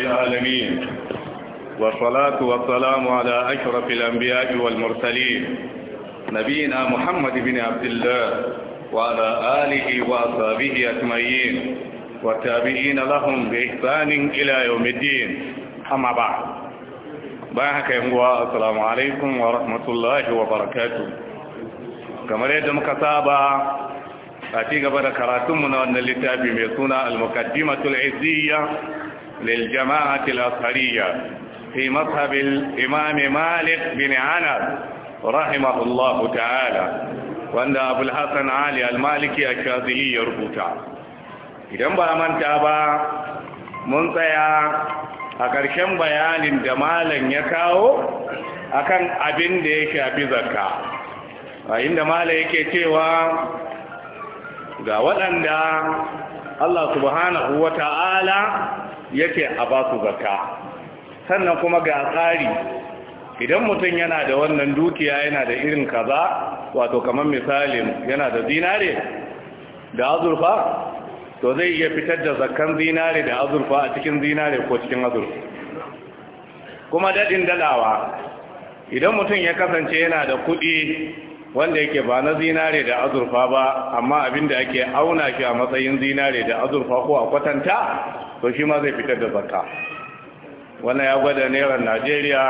العالمين والصلاة والسلام على أشرف الأنبياء والمرسلين نبينا محمد بن عبد الله وعلى آله وأصحابه أجمعين والتابعين لهم بإحسان إلى يوم الدين أما بعد بارك السلام عليكم ورحمة الله وبركاته كما يجب مكتابة أتيك ci من أن karatunmu na المقدمة العزية للجماعة الأثرية في مذهب الإمام مالك بن عنب رحمه الله تعالى وأن أبو الحسن علي المالكي الشاذلي يربطه idan ba manta ba mun tsaya a ƙarshen bayanin da malam ya kawo akan abin da ya shafi zakka a inda malam yake cewa ga waɗanda Allah subhanahu wa ta'ala yake a ba su zakka sannan kuma ga tsari idan mutum yana da wannan dukiya yana da irin kaza wato kamar misalin yana da zinare da azurfa to zai iya fitar da zakkan zinare da azurfa a cikin zinare ko cikin azurfa kuma daɗin dalawa idan mutum ya kasance yana da kuɗi wanda yake ba na zinare da azurfa ba amma abin da ake auna shi a matsayin zinare da azurfa ko a kwatanta to shi ma zai fitar da zakka wannan ya gwada naira najeriya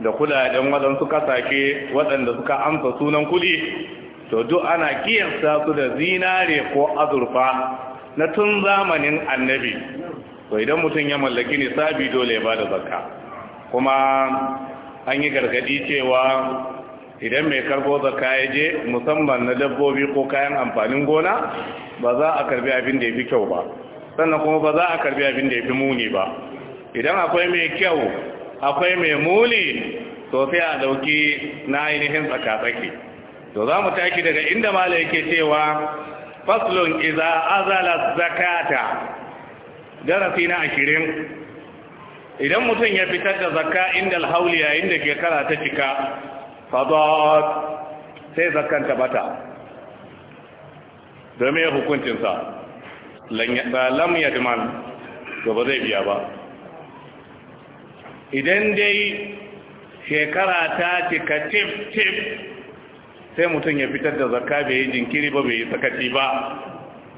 da kudaden waɗansu kasashe waɗanda suka amsa sunan kuɗi to duk ana kiyasta su da zinare ko azurfa na tun zamanin annabi to idan mutum ya mallaki nisabi dole ya ba da zakka kuma an yi gargadi cewa idan mai karbo zaka ya je musamman na dabbobi ko kayan amfanin gona ba za a karbi abin da ya fi kyau ba sannan kuma ba za a karbi abin da ya fi muni ba idan akwai mai kyau akwai mai muni to sai a dauki na ainihin tsakatsaki to za mu taki daga inda mala yake cewa faslun iza azala zakata darasi na ashirin idan mutum ya fitar da zakka inda alhauli yayin da shekara ta cika fadat sai zakkan ta bata domin hukuncinsa lam yadman to ba zai biya ba idan dai shekara ta cika tif-tif sai mutum ya fitar da zakka bai yi jinkiri ba bai yi sakaci ba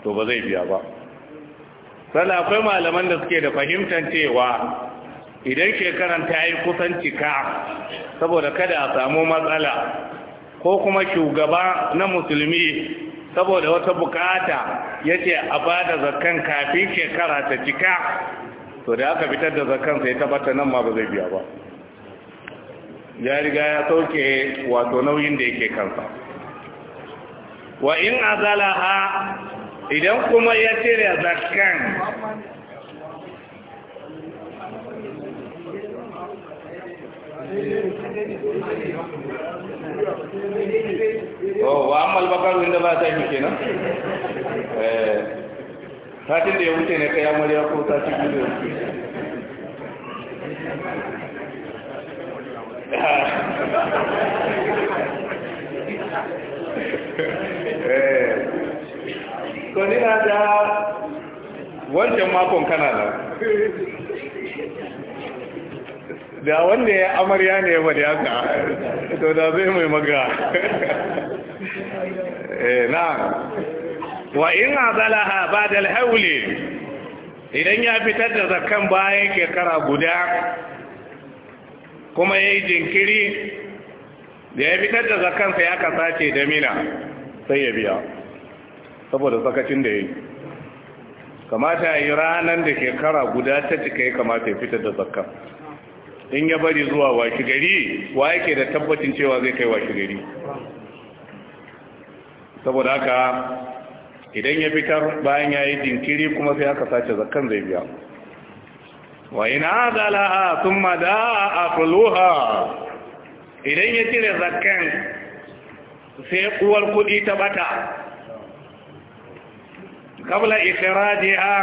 to ba zai biya ba sana akwai malaman da suke da fahimtar cewa idan shekaran ta yi kusan cika saboda kada a samu matsala ko kuma shugaba na musulmi saboda wata bukata ce a ba da zakan kafin shekara ta cika to da aka fitar da zakan sai tabbata nan ma ba zai biya ba ya riga ya sauke wato nauyin da yake kansa wa in azalaha idan kuma ya cire zakan oh wa amal bakar wanda ba ta yi kenan eh satin da ya wuce ne kai amarya ko ta ci gudu ko ni na da wancan makon kana da da wanda ya amarya ne ba da haka to da zai mai maga eh, na wa in azalaha ba da idan ya fitar da zakan bayan kekara guda kuma ya jinkiri da ya fitar da zakansa ya kasace da mina sai ya biya saboda sakacin da yayi yi kamata yi ranar da shekara guda ta cika ya kamata ya fitar da zakkan in ya bari zuwa washi gari wa yake da tabbacin cewa zai kai washi gari saboda haka idan ya fitar bayan ya yi jinkiri kuma sai aka sace zakkan zai biya wa ina a sun mada a fuluha idan ya cire zakan sai uwar kudi ta bata kabla ikirajiya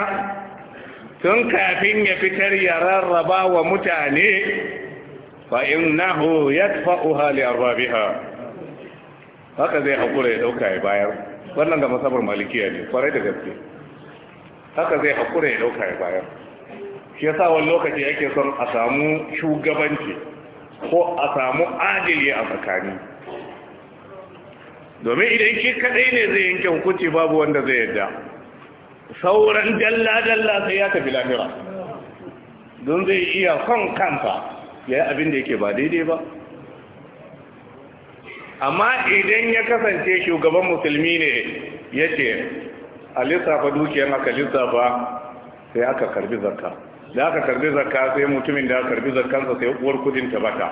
tun kafin ya fitar ya rarraba wa mutane fa innahu yadfa'uha hali arbabiha haka zai hakura ya dauka ya bayar wannan ga masabar malikiya ne kwarai da gaske haka zai hakura ya dauka ya bayar shi yasa wani lokaci yake son a samu shugabanci ko a samu adili a tsakani domin idan ki kaɗai ne zai yanke hukunci babu wanda zai yadda sauran dalla-dalla sai ya tafi lahira don zai iya son kanta ya yi abin da yake ba daidai ba amma idan ya kasance shugaban musulmi ne ya ce a lissafa dukiyar aka lissafa sai aka karbi zakka da aka karbi zakka sai mutumin da aka karbi zakkansa sai uwar kudin ta baka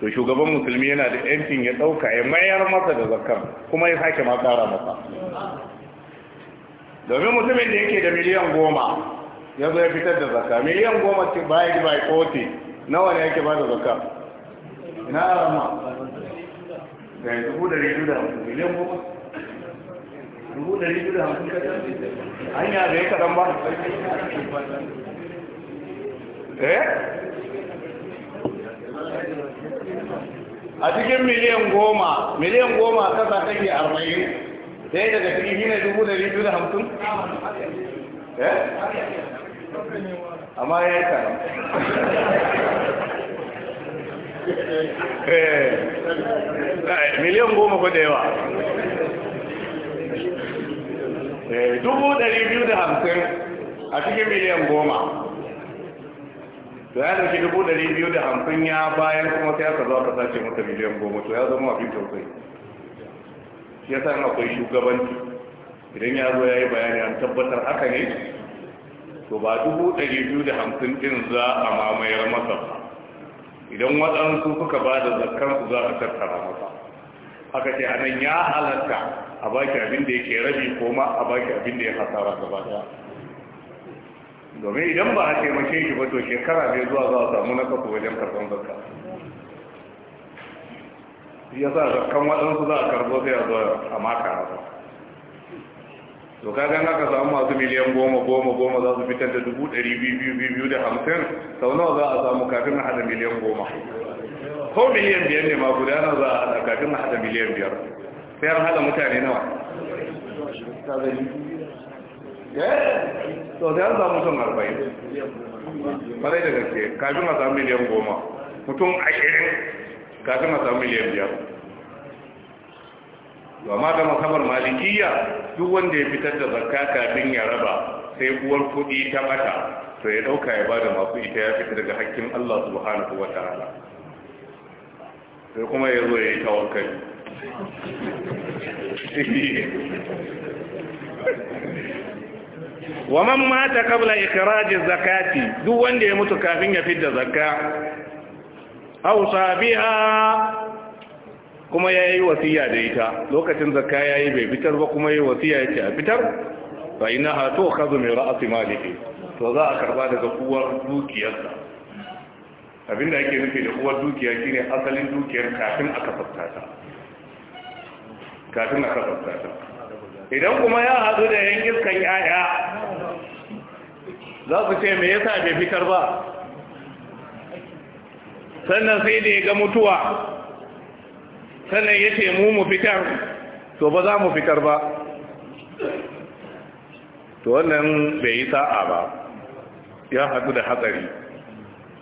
to shugaban musulmi yana da yancin ya ɗauka ya mayar masa da zakkar kuma ya sake ma kara masa domin mutumin da yake da miliyan goma ya zo ya fitar da zaka miliyan goma ce bayan by kote nawa ne yake ba da zaka ina rama da ya dubu da ridu da hamsin miliyan goma dubu da ridu da hamsin kadan hanya da ya kadan ba eh a cikin miliyan goma miliyan goma kasa take arba'in sai daga ciki shi ne dubu da biyu da hamsin eh? amma ya yi eh. eh miliyan goma ko da yawa eh, dubu ɗari biyu da hamsin a cikin miliyan goma to ya dauki dubu ɗari biyu da hamsin ya bayan kuma sai aka zo aka sace masa miliyan goma to ya zama abin sosai. shi san akwai shugabanci idan ya zo ya yi bayani an tabbatar haka ne to ba dubu ɗari biyu da hamsin ɗin za a mamayar masa idan waɗansu suka ba da su za a tattara masa haka ce a nan ya halatta a baki abin da yake rabi ko ma a baki abin da ya hasara gaba ɗaya domin idan ba a taimake shi ba to shekara ne zuwa za a samu na kafa wajen karɓar zakka ya sa kan waɗansu za a karbo sai a zo a maka haka to kaga ka samu masu miliyan goma goma goma za su fitar da dubu ɗari biyu biyu da hamsin sau nawa za a samu kafin na hada miliyan goma ko miliyan biyar ne ma gudana za a hada kafin na hada miliyan biyar sai an hada mutane nawa eh? to sai an samu sun arba'in kwarai da gaske kafin a samu miliyan goma mutum ashirin kaga na samu miliyan biyar ma da masabar malikiya duk wanda ya fitar da zakka kafin ya raba sai uwar kuɗi ta mata to ya ɗauka ya bada masu ita ya fita daga hakkin Allah subhanahu wa ta'ala sai kuma ya zo ya yi tawakkali wa man mata kabla ikhraj zakati duk wanda ya mutu kafin ya fitar da zakka ausa biya. kuma ya yi wasiya da ita lokacin zakka ya yi bai fitar ba kuma ya yi wasiya ya ce a fitar Ba ina ha to ka zo mai ra'asi maliki to za a karba daga uwar dukiyarsa abinda ake nufi da uwar dukiya shine asalin dukiyar kafin aka tsafta kafin aka tsafta idan kuma ya hadu da yankin kan yaya za su ce me yasa bai fitar ba sannan sai da ya ga mutuwa sannan ya ce mu mu fitar to ba za mu fitar ba to wannan bai yi sa'a ba ya haɗu da hatsari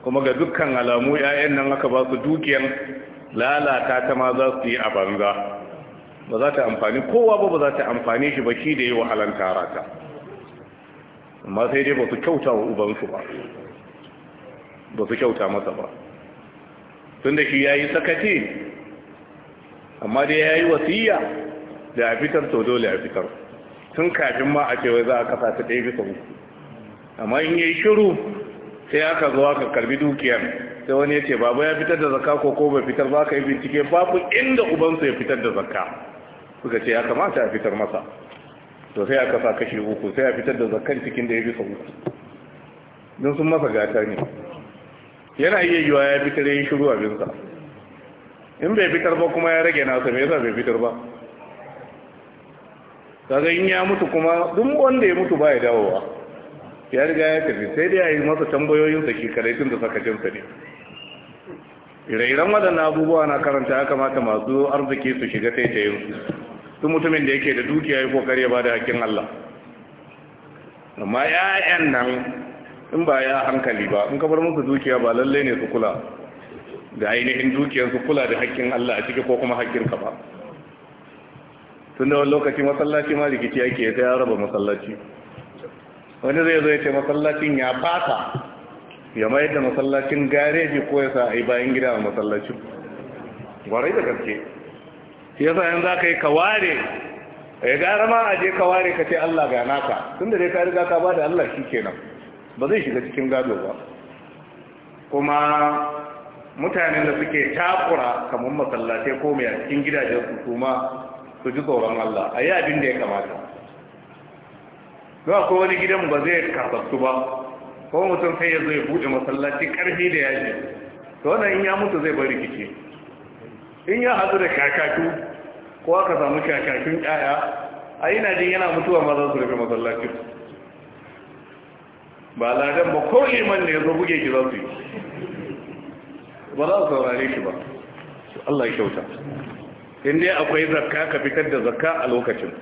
kuma ga dukkan alamu 'ya'yan nan aka ba su dukiyar lalata ta ma za su yi a banza ba za ta amfani kowa ba ba za ta amfani shi ba shi da yi wahalan tarata ta amma sai dai ba su kyauta wa ubansu ba ba su kyauta masa ba tun da shi ya yi sakati amma dai ya yi wasiya da a fitar to dole a fitar tun kafin ma a cewa za a kasa ta ɗaya bisa uku amma in yi shiru sai aka zo aka karbi dukiyar sai wani ya ce babu ya fitar da zakka ko ko bai fitar ba ka yi bincike babu inda ubansu ya fitar da zakka suka ce ya kamata a fitar masa to sai aka sa kashi uku sai a fitar da zakkan cikin da ya bisa uku don sun masa gata ne yana iya yiwa ya fitar ya yi shiru abinsa in bai fitar ba kuma ya rage nasa me yasa bai fitar ba kaga in ya mutu kuma duk wanda ya mutu ba ya dawowa ya riga ya tafi sai dai a yi masa tambayoyinsa shi kadai tun da sakacinsa ne ire-iren waɗannan abubuwa na karanta ya kamata masu arziki su shiga taitayin su mutumin da yake da dukiya ya kokari ya ba da hakkin Allah amma 'ya'yan nan in ba ya hankali ba in bar musu dukiya ba lalle ne su kula da ainihin dukiyar su kula da hakkin Allah a ciki ko kuma hakkin ka ba tun da wani lokaci masallaci ma rikici yake ta ya raba masallaci wani zai zo ya ce masallacin ya fata ya mayar da masallacin gareji ko ya sa a yi bayan gida a masallacin gwarai da gaske shi yasa yanzu aka yi kaware ya eh, gara ma a je kaware ka ce Allah ga naka tun da dai ka riga ka ba da Allah shi kenan ba zai shiga cikin gado ba kuma mutanen da suke takura kamar masallatai ko mai a cikin gidajen su kuma su ji tsoron Allah a yi abin da ya kamata zuwa ko wani gidan ba zai karfasu ba ko mutum sai ya zo ya buɗe masallaci ƙarfi da yaji to wannan in ya mutu zai bari kici. in ya hadu da kakatu ko aka samu kakakun ƙaya a yi na jin yana mutuwa ma za su rufe masallacin ba lagar ba ko iman ne ya zo buge ki za ba za su saurare shi ba Allah ya kyauta in dai akwai zakka ka fitar da zakka a lokacin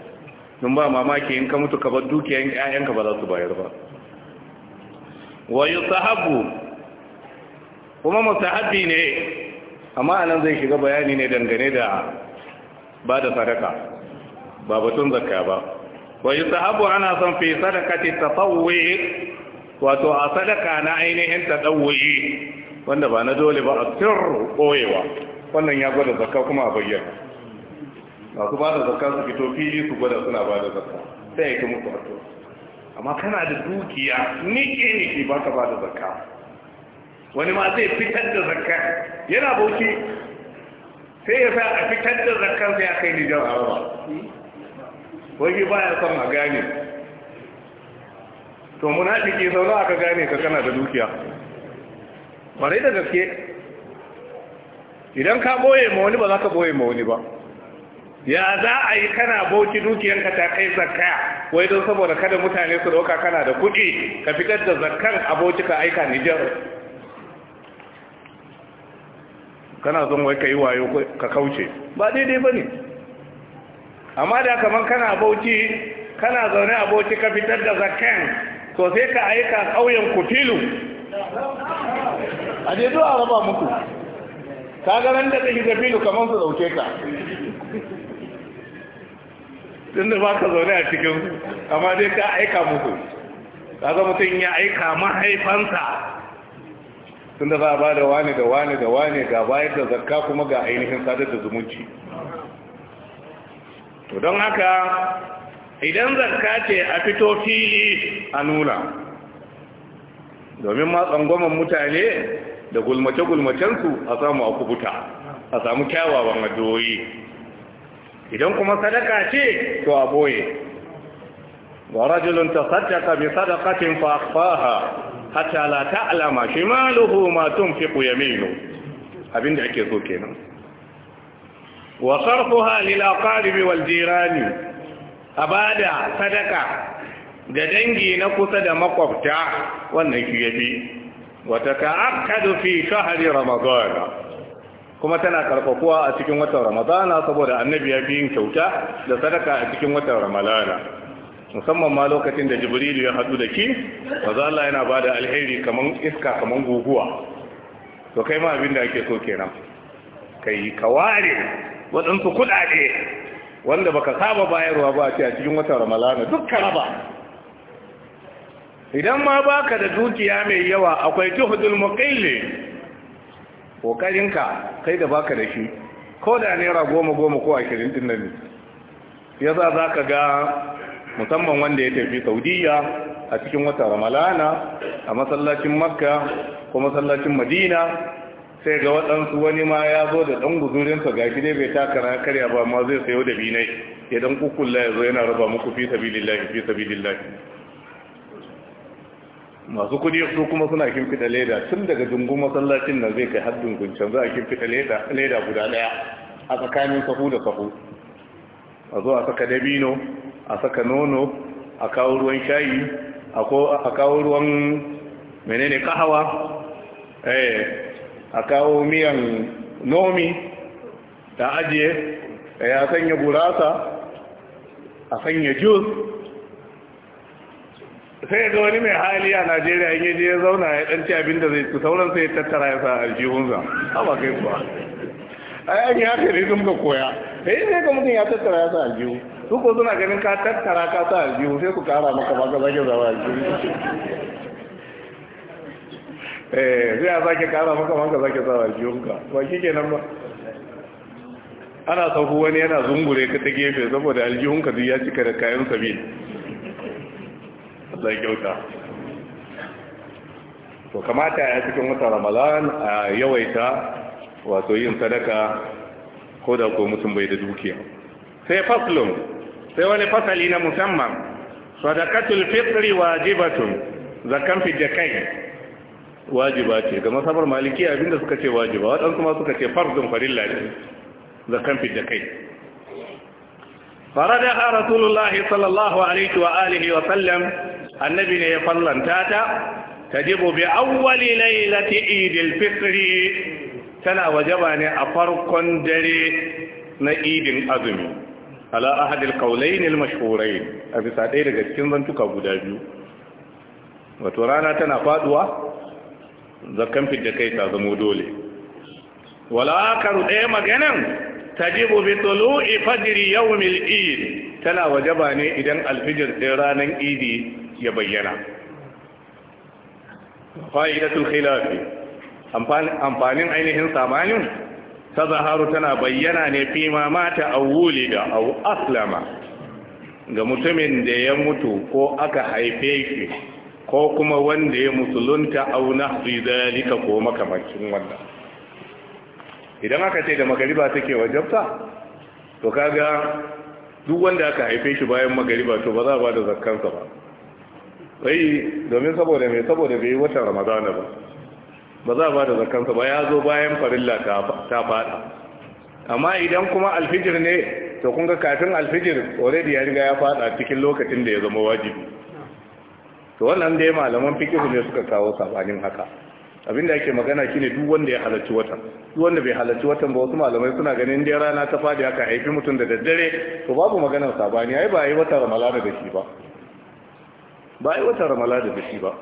nun ba mamaki in ka mutu ka bar dukiyan ƴaƴanka ba za su bayar ba wa yusahabu kuma mustahabi ne amma anan zai shiga bayani ne dangane da ba da sadaka ba batun zakka ba wa yusahabu ana son fi ta tatawwi wato a sadaka na ainihin tadawuyi wanda ba na dole ba a sirru koyewa wannan ya gwada zakka kuma a bayyana masu ba da zakka su fito fili su gwada suna ba da zakka sai ya muku kwato. amma kana da dukiya niƙe niƙe ba ka ba da zakka wani ma zai fitar da zakka yana bauchi sai ya sa a fitar da zakkan sai ya kai nijar araba wani ba ya son a gane to munafiki sau na aka gane ka kana da dukiya ƙwarai da gaske idan ka boye ma wani ba za ka boye ma wani ba ya za a yi kana bauki dukiyanka ta kai zakka wai don saboda kada mutane su dauka kana da kuɗi ka fitar da zakkan aboki ka aika nijar kana son wai ka yi wayo ka kauce ba daidai ba ne amma da kamar kana bauchi kana zaune aboki ka fitar da zakkan to sai ka aika ƙauyen kutilu a je zuwa raba muku ka ga ran da kake da filu kamar su dauke ka tun da ba ka zaune a cikin amma dai ka aika muku kaga mutum ya aika mahaifansa tun da za a ba da wani da wani da wani ga bayar da zarka kuma ga ainihin sadar da zumunci to don haka idan zarka ce a fito fili a nuna domin matsan gwamnan mutane da gulmace-gulmacensu a samu a kubuta a samu kyawawan addu'o'i idan kuma sadaka ce to a boye wa rajulun tasaddaqa bi sadakacin fa hata lata la ta'lama shimaluhu ma tunfiqu yaminu abinda ake so kenan wa sarfuha lil aqaribi wal jirani a ba da sadaka ga dangi na kusa da makwabta wannan shi yafi wata ta'akkadu fi shahri ramadan kuma tana karfafuwa a cikin watan ramadana saboda annabi ya fi yin kyauta da sadaka a cikin watan ramadana musamman ma lokacin da jibrilu ya hadu da ki maza Allah yana ba da alheri kaman iska kamar guguwa to kai ma abin da ake so kenan kai ka ware waɗansu kuɗaɗe wanda baka saba bayarwa ba ce a cikin wata ramalana duk raba idan ma baka da dukiya mai yawa akwai tuhudul muqilli kokarinka kai da baka da shi ko da naira goma goma ko ashirin din nan ya za za ka ga musamman wanda ya tafi saudiya a cikin wata ramalana a masallacin makka ko masallacin madina sai ga waɗansu wani ma ya zo da ɗan guzurinsa ga gidai dai bai taka na karya ba ma zai sayo da binai ya ɗan kukulla ya zo yana raba muku fi sabilillahi fi sabilillahi masu kudi su kuma suna fiɗa leda tun daga dungun masallacin nan zai kai haddin guncan za a fiɗa leda guda ɗaya a tsakanin sahu da sahu a zo a saka dabino a saka nono a kawo ruwan shayi a kawo ruwan menene kahawa eh, a kawo miyan nomi ta ajiye ya sanya burasa a sanya jus sai ga wani mai hali a najeriya in yaje ya zauna ya ɗanci abinda zai ci sauran sai ya tattara ya sa aljihunsa haba kai kuwa a yanyi haka ne sun ka koya yi eh, sai ga mutum ya tattara ya sa aljihu su ko suna ganin ka tattara ka sa aljihu sai ku kara maka ba ka zage zawa aljihu eh sai a sake kara maka wanka sake sa wajiyunka ba shi nan ba ana sauku wani yana zungure ka ta gefe saboda aljihunka zai ya cika da kayan sabi Allah kyauta to kamata ya cikin wata ramadan a yawaita wato yin sadaka ko da ko mutum bai da dukiya sai faslun sai wani fasali na musamman sadakatul fitri wajibatun zakan fi jakai wajiba ce ga masabar maliki abinda suka ce wajiba waɗansu ma suka ce farzun farilla ce zakan da kai faradaha rasulullahi sallallahu alaihi wa alihi wa sallam annabi ne ya fallanta ta tajibu bi awwali lailati idil fitri tana wajaba ne a farkon dare na idin azumi ala ahadil qawlayn al a bisa ɗaya daga cikin zantuka guda biyu wato rana tana faduwa zakan fidda kai ta zamo dole wala akaru ɗaya maganan tajibu bi yau fajri yawmil id tana wajaba ne idan alfijir ranar idi ya bayyana fa'idatul khilafi amfanin ainihin samanin ta zaharu tana bayyana ne fi ma mata da au aslama ga mutumin da ya mutu ko aka haife shi ko kuma wanda ya musulunta au nahwi zalika ko makamakin wannan idan aka ce da magariba take wajabta to kaga duk wanda aka haife shi bayan magariba to ba za ba da zakkansa ba sai domin saboda mai saboda bai watan ramadana ba ba za ba da zakkansa ba ya zo bayan farilla ta fada amma idan kuma alfijir ne to kun ga kafin alfijir already ya riga ya fada cikin lokacin da ya zama wajibi to wannan dai malaman fikihu ne suka kawo sabanin haka abinda ake magana shine duk wanda ya halarci watan duk wanda bai halarci watan ba wasu malamai suna ganin dai rana ta fadi haka haifi mutum da daddare to babu maganar sabani ai ba ai wata da shi ba ba ai wata ramalana da shi ba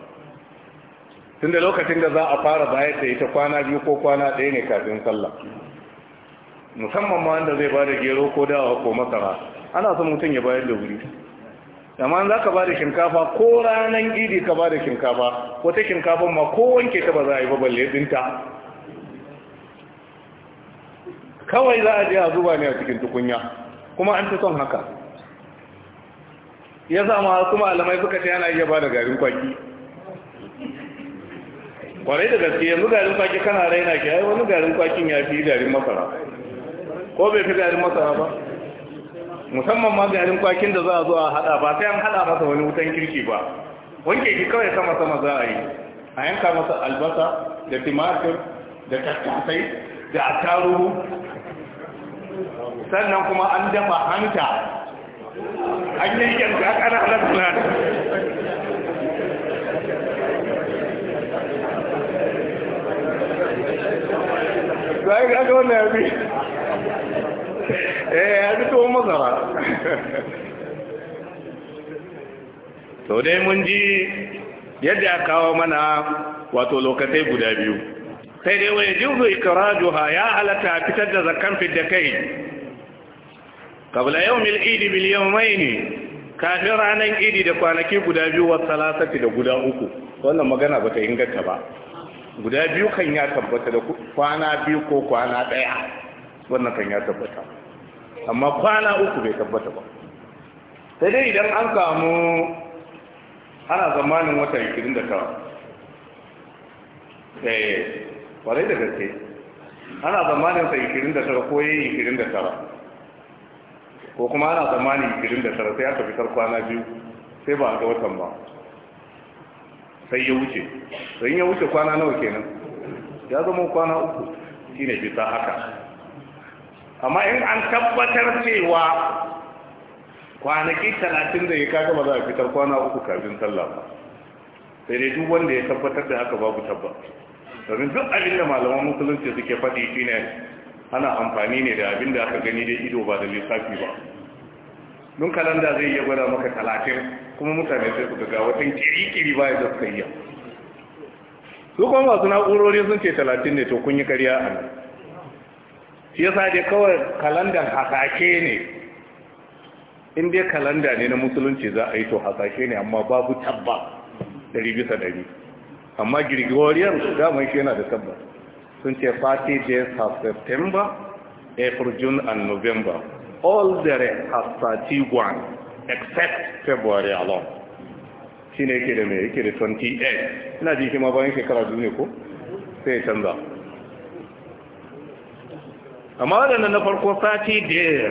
tunda lokacin da za a fara bayar da ita kwana biyu ko kwana ɗaya ne kafin sallah musamman ma wanda zai bada gero ko dawa ko masara ana son mutum ya bayar da wuri amma za ka ba da shinkafa ko ranar idi ka ba da shinkafa wata shinkafan ma ko wanke ta ba za a yi ba balle dinta kawai za a je a zuba ne a cikin tukunya kuma an fi son haka ya zama kuma alamai suka ce yana iya ba da garin kwaki kwarai da gaske yanzu garin kwaki kana raina ke ai wani garin kwakin ya fi garin masara ko bai fi garin masara ba musamman ma garin kwakin da za a zo a hada ba sai an hada masa wani wutan kirki ba wanke shi kawai sama sama za a yi a yanka masa albasa da timatir da tattasai da attaruhu sannan kuma an dafa hanta an yankin da aka na halar Zai ga ga wannan yabi. eh ya ji tuwon masara to dai mun ji yadda ya kawo mana wato lokacin guda biyu sai dai wai juzu ikrajuha ya halatta fitar da zakkan fidda kai kabla yau yawmil idi mai ne kafin ranar idi da kwanaki guda biyu wa salasati da guda uku wannan magana bata inganta ba guda biyu kan ya tabbata da kwana biyu ko kwana daya wannan kan ya tabbata amma kwana uku bai tabbata ba sai dai idan an samu ana zamanin wata 29 eh kwarai da gaske ana zamanin sa 29 ko yayi 29 ko kuma ana zamanin 29 sai aka fitar kwana biyu sai ba a ga watan ba sai ya wuce sai ya wuce kwana nawa kenan ya zama kwana uku shine bisa haka amma in an tabbatar cewa kwanaki talatin da ya kaga ba za a fitar kwana uku kafin sallah ba sai dai duk wanda ya tabbatar da haka babu tabba domin duk abin da malaman musulunci suke faɗi ne ana amfani ne da abin da aka gani dai ido ba da lissafi ba don kalanda zai iya gwada maka talatin kuma mutane sai suka ga watan kiri-kiri baya ya zafi yi su kuma masu na'urori sun ce talatin ne to kun yi karya a nan shi yasa dai kawai kalandar hasashe ne in dai kalanda ne na musulunci za a yi to hasashe ne amma babu tabba dari bisa dari amma da damar shi yana da tabba sun ce fati days of september april june and november all the rest have 31 except february alone shi ne yake da mai yake da 28 ina jikin ma bayan shekara duniya ko sai canza amma waɗannan na farko sati daya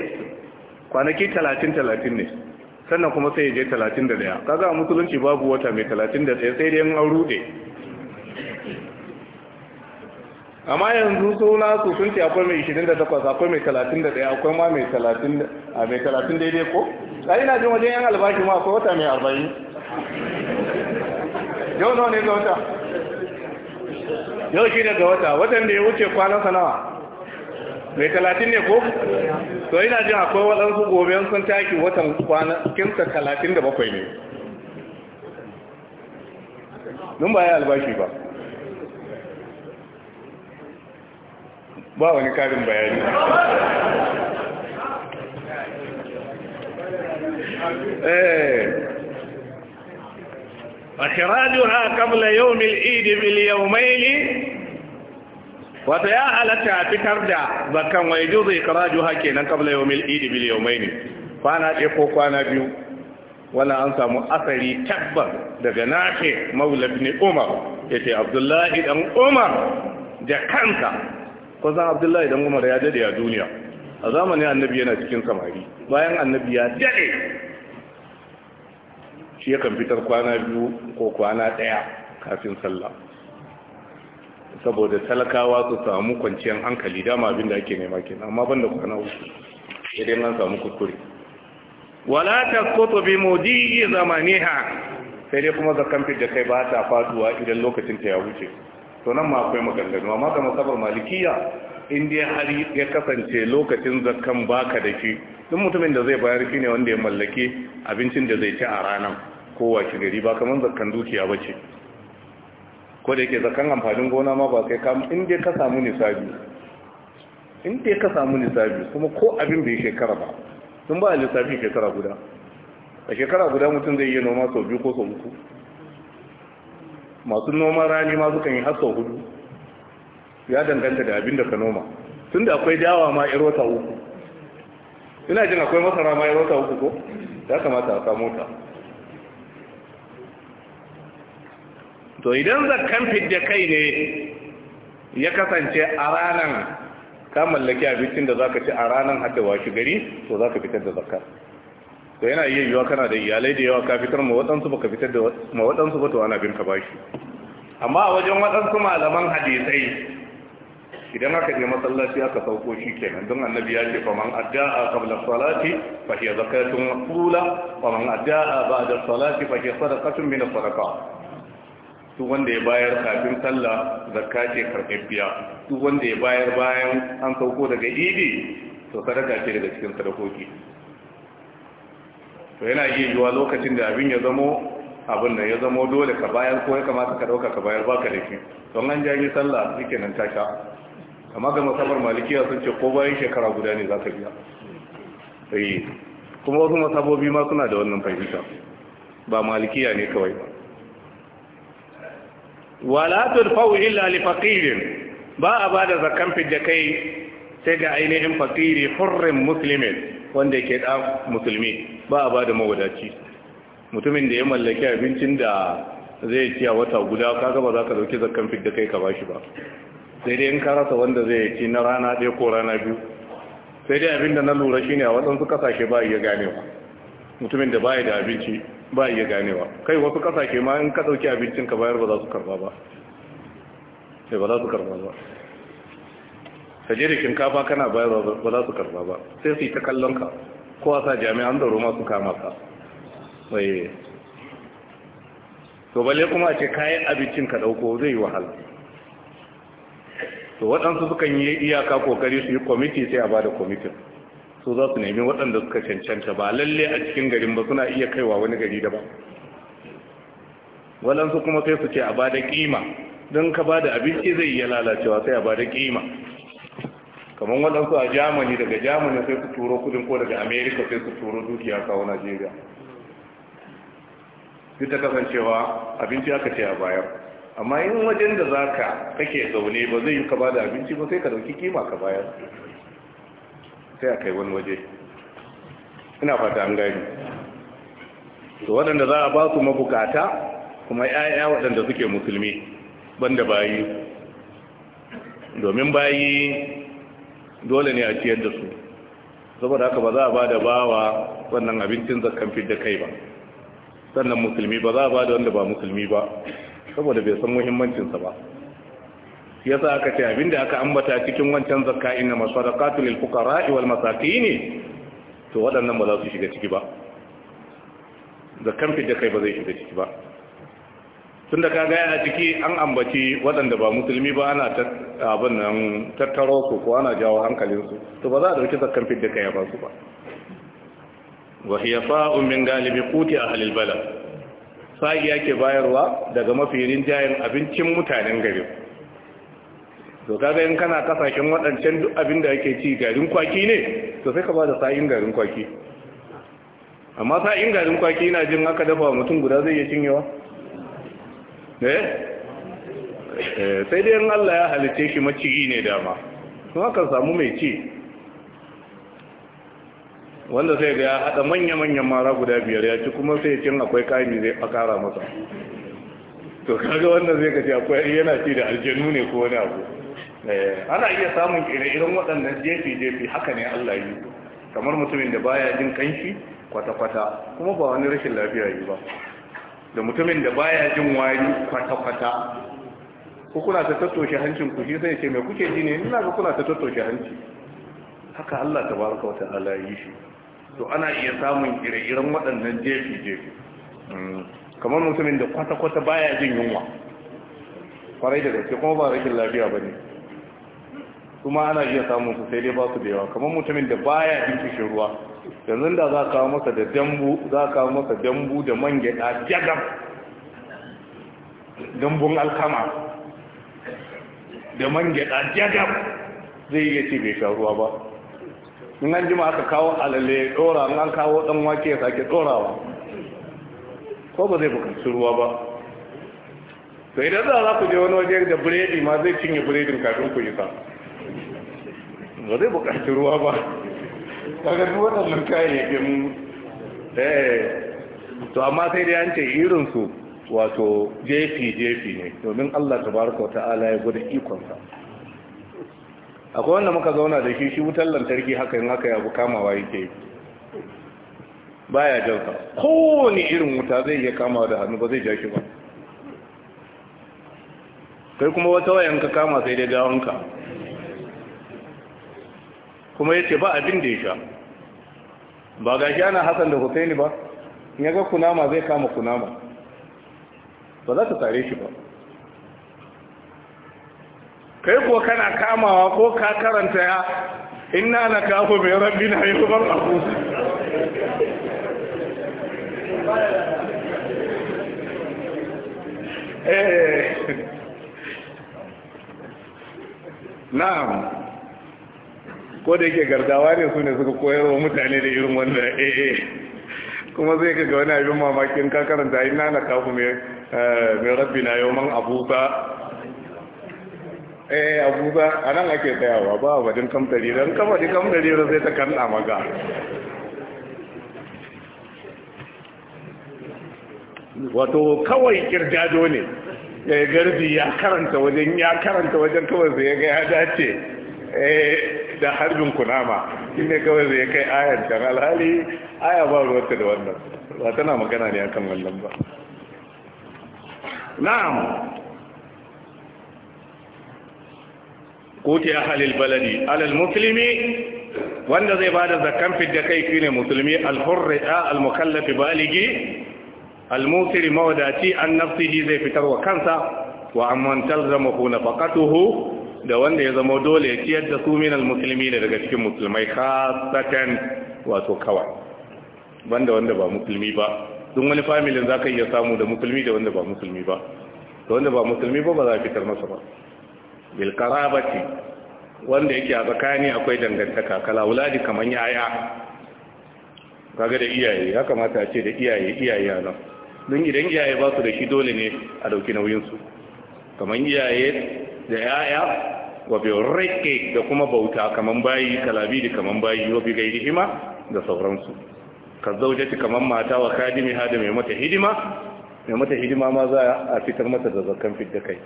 kwanaki talatin talatin ne sannan kuma sai ya je talatin da daya kaga musulunci babu wata mai talatin da daya sai dai yin auru ɗe amma yanzu suna su sun ce akwai mai 28 akwai mai 31 akwai ma mai 30 mai daidai ko sai ina jin wajen yan albashi ma akwai wata mai 40 yau nawa ne ga wata yau shi daga wata watan da ya wuce kwanan sanawa mai talatin ne ko? to ina jin akwai waɗansu gobe sun taki watan kwanakinsa talatin da bakwai ne nun ba ya albashi ba ba wani karin bayani eh أخراجها قبل يوم العيد باليومين wato ya halatta a fitar da zakan wai juzu ikraju hake kenan kabla mil idi bil yawmaini kwana ɗaya ko kwana biyu wala an samu asari tabbas daga nafi maula ibn umar yace abdullahi dan umar da kanka ko abdullahi dan umar ya dade a duniya a zamanin annabi yana cikin samari bayan annabi ya dade shi ya kan fitar kwana biyu ko kwana ɗaya kafin sallah saboda talakawa su samu kwanciyar hankali dama abin ake nema kenan amma ban da kwana uku idan an samu kuskure wala ta koto bi mudi zamaniha sai dai kuma zakan da kai ba ta faduwa idan lokacin ta ya wuce to nan ma akwai maganganu amma ga masabar malikiya in dai har ya kasance lokacin zakan baka da shi duk mutumin da zai bayar shi ne wanda ya mallaki abincin da zai ci a ranan ko gari ba kamar zakan dukiya ba ce ko da yake zakan amfanin gona ma ba kai kam inda ka samu nisabi inda ka samu nisabi kuma ko abin bai shekara ba sun ba lissafi shekara guda a shekara guda mutum zai yi noma sau biyu ko sau uku masu noman rani ma sukan yi har sau hudu ya danganta da abin da ka noma tun da akwai dawa ma wata uku ina jin akwai masara ma wata uku ko ya kamata a samu ta to idan zakkan fidda kai ne ya kasance a ranar ka mallaki abincin da zaka ci a ranar hada washe gari to zaka fitar da zakka to yana iya yiwuwa kana da iyalai da yawa ka fitar ma waɗansu ba ka fitar da ma waɗansu ba to ana bin ka bashi amma a wajen waɗansu malaman hadisai idan aka je masallaci aka sauko shi kenan don annabi ya ce faman adda'a qabla salati fa hiya zakatun maqbula faman adda'a ba'da salati fa hiya sadaqatun min as duk wanda ya bayar kafin sallah zakka ce karɓaɓɓiya duk wanda ya bayar bayan an sauko daga idi to sadaka ce daga cikin sadakoki to yana iya yiwuwa lokacin da abin ya zamo abin da ya zamo dole ka bayar ko ya kamata ka dauka ka bayar baka da shi don an jami sallah suke nan tasha amma ga masabar malikiya sun ce ko bayan shekara guda ne za ka biya eh, kuma wasu masabobi ma suna da wannan fahimta ba malikiya ne kawai ba wala tudfa'u illa li faqirin ba a bada zakan fidda kai sai ga ainihin faqiri hurrin muslimin wanda yake da musulmi ba a bada mawadaci mutumin da ya mallaki abincin da zai ci a wata guda kaga ba za ka dauki zakan fidda kai ka bashi ba sai dai in karasa wanda zai ci na rana ɗaya ko rana biyu sai dai abinda na lura shine a su kasashe ba iya ganewa mutumin da baya da abinci ba iya ganewa kai wasu kasashe ma in ka dauki abincin ka bayar ba za su karba ba sai ba za su karba ba ka je da shinkafa kana bayar ba za su karba ba sai su yi ta kallon ka ko a sa jami'an da roma su kama ka mai to balle kuma a ce kayan abincin ka dauko zai yi wahala to waɗansu sukan yi iyaka kokari su yi kwamiti sai a ba da kwamitin su za su nemi waɗanda suka cancanta ba lalle a cikin garin ba suna iya kaiwa wani gari daban walansu kuma sai su ce a bada kima don ka bada abinci zai iya lalacewa sai a bada kima kamar waɗansu a jamani daga jamani sai su turo kudin ko daga amerika sai su turo dukiya kawo najeriya duk ta kasancewa abinci aka ce a bayar amma yin wajen da za ka kake zaune ba zai yi ka bada abinci ba sai ka dauki kima ka bayar sai a kai wani waje ina fata an gani to waɗanda za a ba su mabukata kuma 'ya'ya waɗanda suke musulmi banda bayi domin bayi dole ne a ciyar da su saboda haka ba za a ba da bawa wannan abincin zakkan fi da kai ba sannan musulmi ba za a ba da wanda ba musulmi ba saboda bai san muhimmancinsa ba Ya sa aka ce abinda aka ambata cikin wancan zakka inna masadaqatu lil fuqara'i wal masakin to waɗannan ba za su shiga ciki ba zakkan fidda kai ba zai shiga ciki ba tun da kaga yana ciki an ambaci waɗanda ba musulmi ba ana abin nan tattaro su ko ana jawo su. to ba za a ɗauki zakkan fidda kai ba su ba wa hiya fa'un min galibi quti ahli al-balad sai yake bayarwa daga mafi rinjayen abincin mutanen gari to kaga in kana kasashen waɗancan duk abin da ake ci garin kwaki ne to sai ka ba da sa'in garin kwaki amma sa'in garin kwaki na jin haka dafa mutum guda zai iya cinyewa eh, eh sai dai in Allah ya halice shi maciyi ne dama kuma kan samu mai ci wanda sai ga ya haɗa manya-manyan mara guda biyar ya ci kuma sai cin akwai kayan zai fakara masa to kaga wanda zai kace akwai yana ci da aljanu ne ko wani abu Eh, ana iya samun ire-iren waɗannan jefi-jefi haka ne Allah yi kamar mutumin da baya jin kanshi kwata-kwata kuma ba wani rashin lafiya yi ba da mutumin da baya jin wari kwata-kwata ko kuna ta tattoshe hancin ku shi sai ce mai kuke ji ne ina ga kuna ta tattoshe hanci haka Allah tabaraka ta'ala yi shi to ana iya samun ire-iren waɗannan jefi-jefi hmm, kamar mutumin da kwata-kwata baya jin yunwa kwarai da gaske kuma ba rashin lafiya ba ne kuma ana iya samun su sai dai ba su da yawa kamar mutumin da baya dinkishi ruwa yanzu da za kawo masa da dambu za kawo masa dambu da man gyada jagam dambun alkama da man gyada jagam zai iya ce bai sha ruwa ba in an jima aka kawo alale dora in an kawo dan wake ya sake dorawa ko ba zai bukaci ruwa ba sai da za ku je wani waje da biredi ma zai cinye biredin kafin ku yi sa ba zai bukaci ruwa ba kaga duk waɗannan kayayyakin ɗaya eh, to amma sai dai an ce irin su wato jefi jefi ne domin Allah tabaraka wa ta'ala ya gudu ikonsa akwai wanda muka zauna da shi shi wutar lantarki haka yin haka ya bu kamawa yake baya jan kowane irin wuta zai iya kama da hannu ba zai ja shi ba kai kuma wata wayan ka kama sai dai gawanka kuma ya ce ba abin da ya sha ba ga shi ana hasan da hussaini ba ya ga kunama zai kama kunama ba za ta tare shi ba kai kuwa kana kamawa ko ka karanta ya ina na kafa mai rabbi na yi kuma abu eh. na'am ko da yake gardawa ne su ne suka koyar wa mutane da irin wanda eh, eh kuma zai ga wani abin mamakin ka karanta ina na kafu mai eh, rabbi na yau man abusa eh abusa a nan ake tsayawa ba a wajen kamtari don kamari kamtari da zai ta kanna maka wato kawai kirgado ne ya eh, garbi ya karanta wajen ya karanta wajen kawai zai ga ya dace eh da harbin kunama shine kawai zai kai ayar can alhali aya ba ruwarta da wannan ba tana magana ne akan wannan ba na'am kuti a ahalil baladi alal musulmi, wanda zai ba da zakkan fidda kai ne musulmi al a al-mukallafi baligi al-musiri mawadaci an nafsihi zai fitar wa kansa wa amman na nafaqatuhu da wanda ya zama dole ya ciyar da su minal musulmi ne daga cikin musulmai khasatan wato kawai banda wanda ba musulmi ba duk wani familin za ka iya samu da musulmi da wanda ba musulmi ba da wanda ba musulmi ba ba za a fitar masa ba bil karabati wanda yake a tsakani akwai dangantaka kala wuladi kaman yaya kaga da iyaye ya kamata a ce da iyaye iyaye nan don idan iyaye ba su da shi dole ne a dauki nauyin su kaman iyaye da yaya wa bi rike da kuma bauta kaman bayi da kaman bayi wa bi hima da sauransu ka zaujati kaman mata wa kadimi hada mai mata hidima mai mata hidima ma za a fitar mata da zakkan fidda kai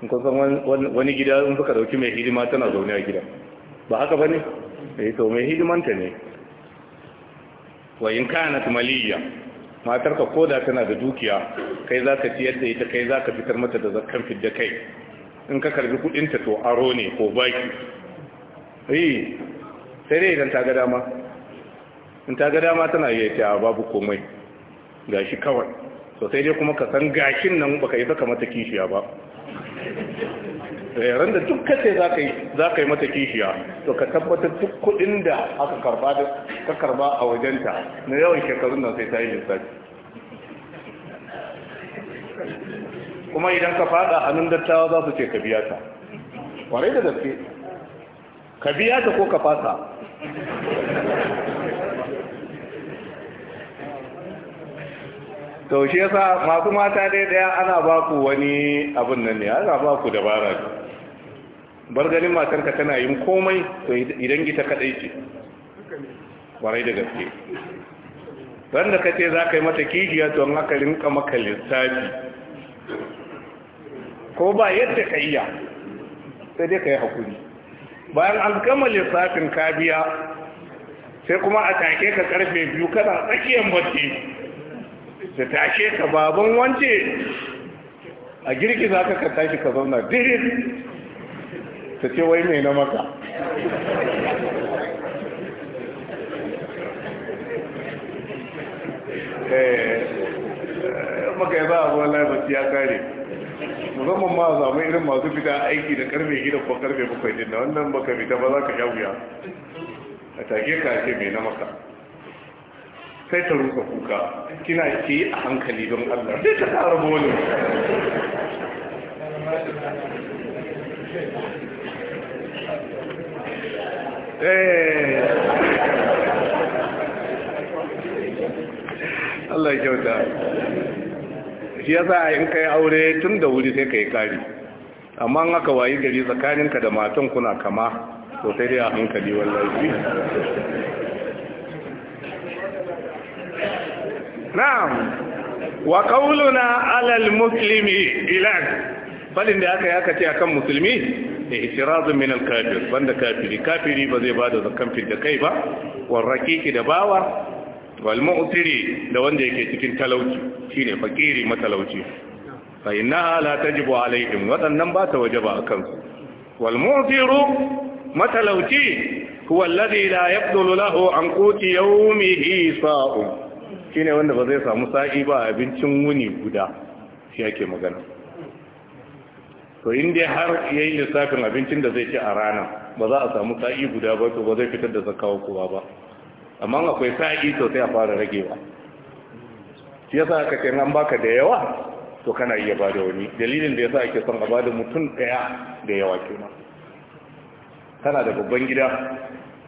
in kun san wani gida in suka dauki mai hidima tana zaune a gida ba haka bane eh to mai hidimanta ne wa in kanat maliya matarka koda tana da dukiya kai zaka ciyar da ita kai zaka fitar mata da zakkan fidda kai in ka karbi kudinta to aro ne ko baki yi eh, sai dai idan ta ga dama in ta ga dama tana yi ta babu komai gashi kawai to sai dai kuma ka san gashin nan baka yi saka mata kishiya ba eh, ran da duk kace zakai zakai za ka yi mata kishiya to ka tabbatar duk kudin da aka karba da ka karba a wajenta na yawan shekarun nan sai ta yi lissafi kuma idan ka fada hannun dattawa za su ce ka biya ta kwarai da gaske ka biya ta ko ka fasa sau shi yasa masu mata dai daya ana ba ku wani abin nan ne ana ba ku dabara bar ganin matarka tana yin komai to idan ita kadai ce kwarai da gaske wanda ka ce za ka yi mata kijiya to an haka rinka maka lissafi ko ba yadda ka iya sai dai ka yi hakuri bayan an gama lissafin kabiya sai kuma a take ka karfe biyu kana tsakiyar bacci da tashe ka baban wance a girki za ka tashi ka zauna dirin ta ce wai mai na maka eh, eh, maka yaba za laifin ya kare musamman ma samu irin masu fita aiki da karfe gida ko karfe bakwai din da wannan baka fita ba za ka sha wuya a take ka ce mai na maka sai ta rufe kuka kina ce a hankali don allah sai ta tara bole eh. Allah ya kyauta shi yasa in kai aure tun da wuri sai kai kari amma an aka wayi gari tsakaninka da matan kuna kama to sai dai a hankali wallahi na'am wa qauluna 'ala al-muslimi ilan balin da aka yaka ce akan musulmi da itirazun min al-kafir banda kafiri kafiri ba zai bada zakan fidda kai ba warrakiki da bawa wal mu'tiri da wanda yake cikin talauci shine fakiri matalauci fa inna la tajibu alaihim wadannan ba ta wajaba akan su wal mu'tiru matalauci huwa alladhi la yabdulu lahu an quti yawmihi sa'u shine wanda ba zai samu sa'i ba abincin wuni guda shi yake magana to inda har yayi lissafin abincin da zai ci a rana ba za a samu sa'i guda ba to ba zai fitar da zakawa kowa ba amma akwai sa'i sosai a fara ragewa shi yasa aka ce an baka da yawa to kana iya ba da wani dalilin da yasa ake son a ba da mutum daya da yawa kenan kana da babban gida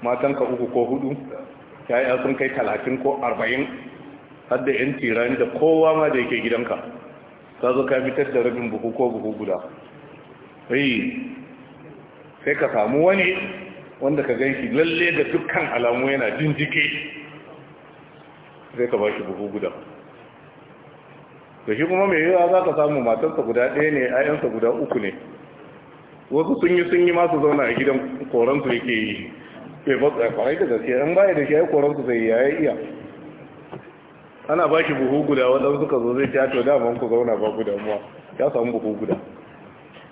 matan ka uku ko hudu ya'ya sun kai talatin ko arba'in har da yan tirani da kowa ma da yake gidanka ka zo ka fitar da rabin buhu ko buhu guda sai ka samu wani wanda ka gan shi lalle da dukkan alamu yana jinjike zai ka ba shi buhu guda da shi kuma mai yawa za ka samu matarsa guda ɗaya ne 'yansa guda uku ne wasu sun yi sun yi masu zauna a gidan koransu ke yi ke ba a kwarai da gaske an baya da shi ya koransu sai ya iya ana ba shi buhu guda waɗansu suka zo zai ta to daman ku zauna ba guda ya samu buhu guda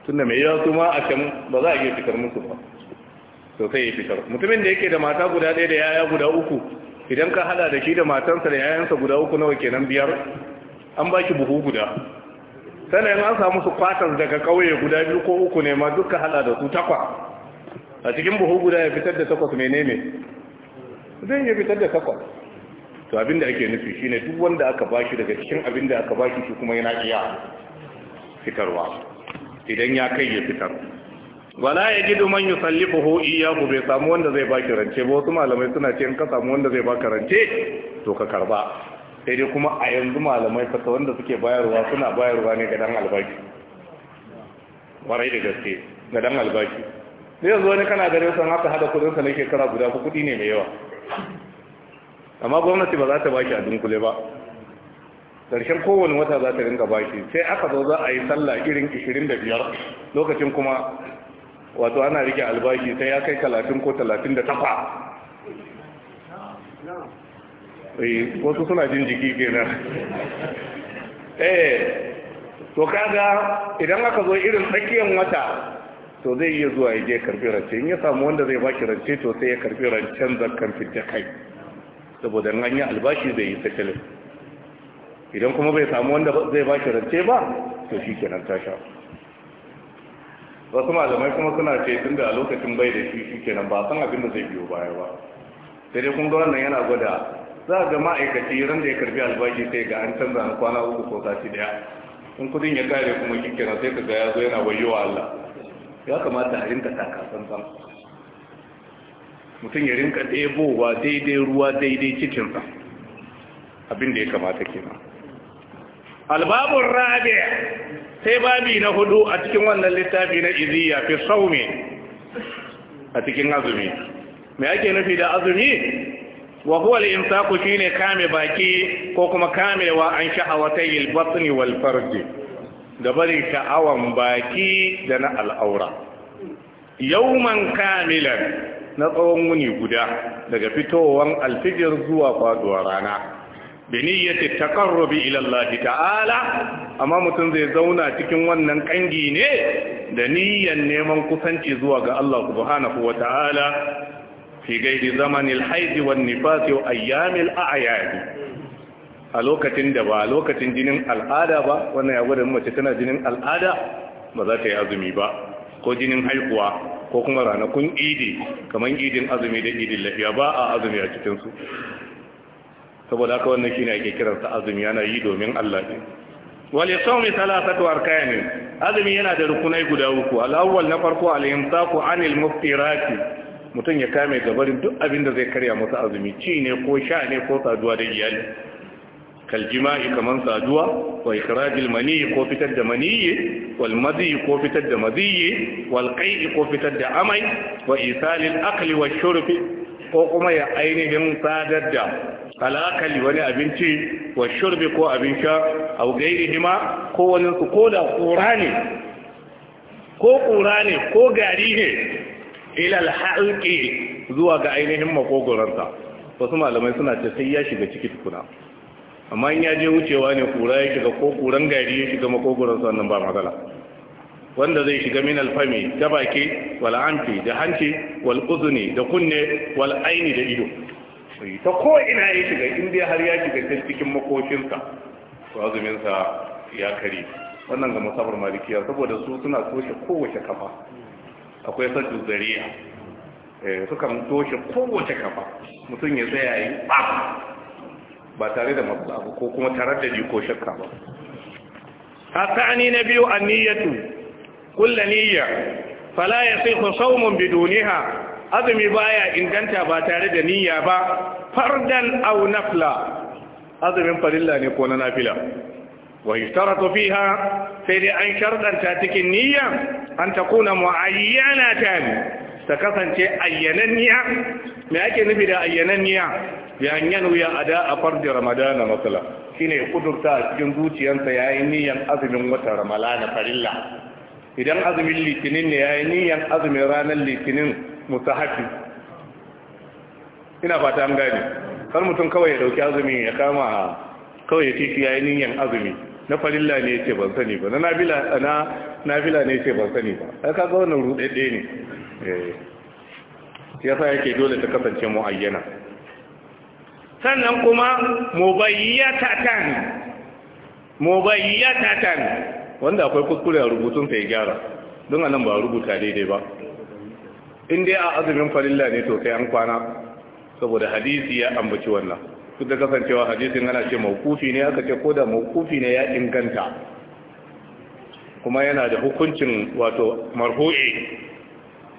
tunda mai yawa su ma a can ba za a iya cikar musu ba Sosai ya fitar mutumin da yake da mata guda ɗaya da yaya guda uku idan ka hada da shi da matansa da yayansa guda uku nawa kenan biyar an ba shi buhu guda sannan an samu su kwatas daga ƙauye guda biyu ko uku ne ma duka hada da su takwa a cikin buhu guda ya fitar da takwas ne? zai ya fitar da takwas to abin da ake nufi shine duk wanda aka bashi daga cikin abin da aka bashi shi kuma yana iya fitarwa idan ya kai ya fitar wala ya gidu man yi sallifahu ku bai samu wanda zai baki rance ba wasu malamai suna ce in ka samu wanda zai baka rance to ka karba sai dai kuma a yanzu malamai fata wanda suke bayarwa suna bayarwa ne ga dan albashi warai da gaske ga dan albashi Sai zo ne kana gare sun haka hada kudin sa na shekara guda ko kudi ne mai yawa amma gwamnati ba za ta baki a dunkule ba karshen kowane wata za ta ringa baki sai aka zo za a yi sallah irin 25 lokacin kuma wato ana rike albashi sai ya kai talatin ko talatin da tafa eh, wasu suna jin jiki kenan eh to kaga idan aka zo irin tsakiyar wata to zai iya zuwa ya je karfi rance in ya samu wanda zai baki rance to sai ya karfi rancen zakkan fita kai saboda an yi albashi zai yi sakilin idan kuma bai samu wanda zai baki rance ba to shi kenan ta sha wasu malamai kuma suna ce tun da a lokacin bai da shi shi kenan ba san abin da zai biyo baya ba sai dai kun ga wannan yana gwada za a ga ma'aikaci ran da ya karbi albashi sai ga an canza na kwana uku ko sati daya in kudin ya kare kuma shi kenan sai ka ga ya zo yana wayo Allah ya kamata a rinka sansan mutum ya rinka ɗebowa daidai ruwa daidai cikinsa abin da ya kamata kenan albabun rabi sai babi na hudu a cikin wannan littafi na iziya fi saumi a cikin azumi mai ake nufi da azumi wa huwa al-imsaku shine kame baki ko kuma kamewa an sha'awatay al-batni wal farji da barin sha'awan baki da na al'aura yawman kamilan na tsawon wuni guda daga fitowar alfijir zuwa faduwar rana bi ta taqarrubi ila Allah ta'ala amma mutum zai zauna cikin wannan kangi ne da niyyar neman kusanci zuwa ga Allah subhanahu wa ta'ala fi gairi zamanil haidi wan nifas wa ayyamil a'yadi a lokacin da ba lokacin jinin al'ada ba wannan ya mace tana jinin al'ada ba za ta yi azumi ba ko jinin haihuwa ko kuma ranakun idi kamar idin azumi da idin lafiya ba a azumi a cikinsu saboda haka wannan shine ake kiransa azumi yana yi domin Allah ne wali sawmi thalathatu arkanin azumi yana da rukunai guda uku al-awwal na farko al-imsaku anil muftirati mutum ya kame gabarin duk abin da zai karya masa azumi ci ne ko sha ne ko saduwa da iyali jima'i kaman saduwa wa ikhrajil mani ko fitar da mani wal ko fitar da madhi wal qai'i ko fitar da amai wa isalil akli wash shurbi ko kuma ya ainihin sadar da alakali wani abinci wa shurbi ko abin sha a gairi hima ko wani su ko da kura ne ko kura ne ko gari ne ilal haƙi zuwa ga ainihin makogoranta wasu malamai suna ce sai ya shiga ciki tukuna amma in ya je wucewa ne kura ya shiga ko kuran gari ya shiga makogoransa wannan ba matsala wanda zai shiga min alfami ta baki wal anfi da hanci wal da kunne wal aini da ido ta ko ina ya shiga in dai har ya shiga ta cikin makokinsa to azumin ya kare wannan ga musabar malikiya saboda su suna toshe kowace kafa akwai sadu zariya eh, suka toshe kowace kafa mutum ya tsaya yi ba tare da masu ko kuma tarar da ko shakka ba ni na biyu a niyyatu kulla niyyar, fala ya sai ku saumun biduniha azumi baya indanta ba tare da niyya ba fardan aw nafla azumin farilla ne ko na nafila wa yushtaratu fiha sai dai an shardanta cikin niyya an takuna muayyanatan ta kasance ayyananniya me ake nufi da ayyananniya bi an yanwiya ada a fardi ramadana masala shine kudurta a cikin zuciyarsa yayin niyyar azumin wata Ramalana farilla idan azumin litinin ne ya yi niyan azumin ranar litinin musahabi ina fata an gane kar mutum kawai ya dauki azumi ya kama kawai ya ya yi niyan azumi na farilla ne ce ban sani ba na nabila na ya ne ban sani ba kaga wannan rudede ne eh yasa yake dole ta kasance muayyana sannan kuma mubayyatatan mubayyatatan wanda akwai kuskure a rubutun sai gyara don anan ba rubuta daidai ba in dai a azumin farilla ne to sai an kwana saboda hadisi ya ambaci wannan duk da kasancewa hadisin ana ce mawkufi ne aka ce koda mawkufi ne ya inganta kuma yana da hukuncin wato marhu'i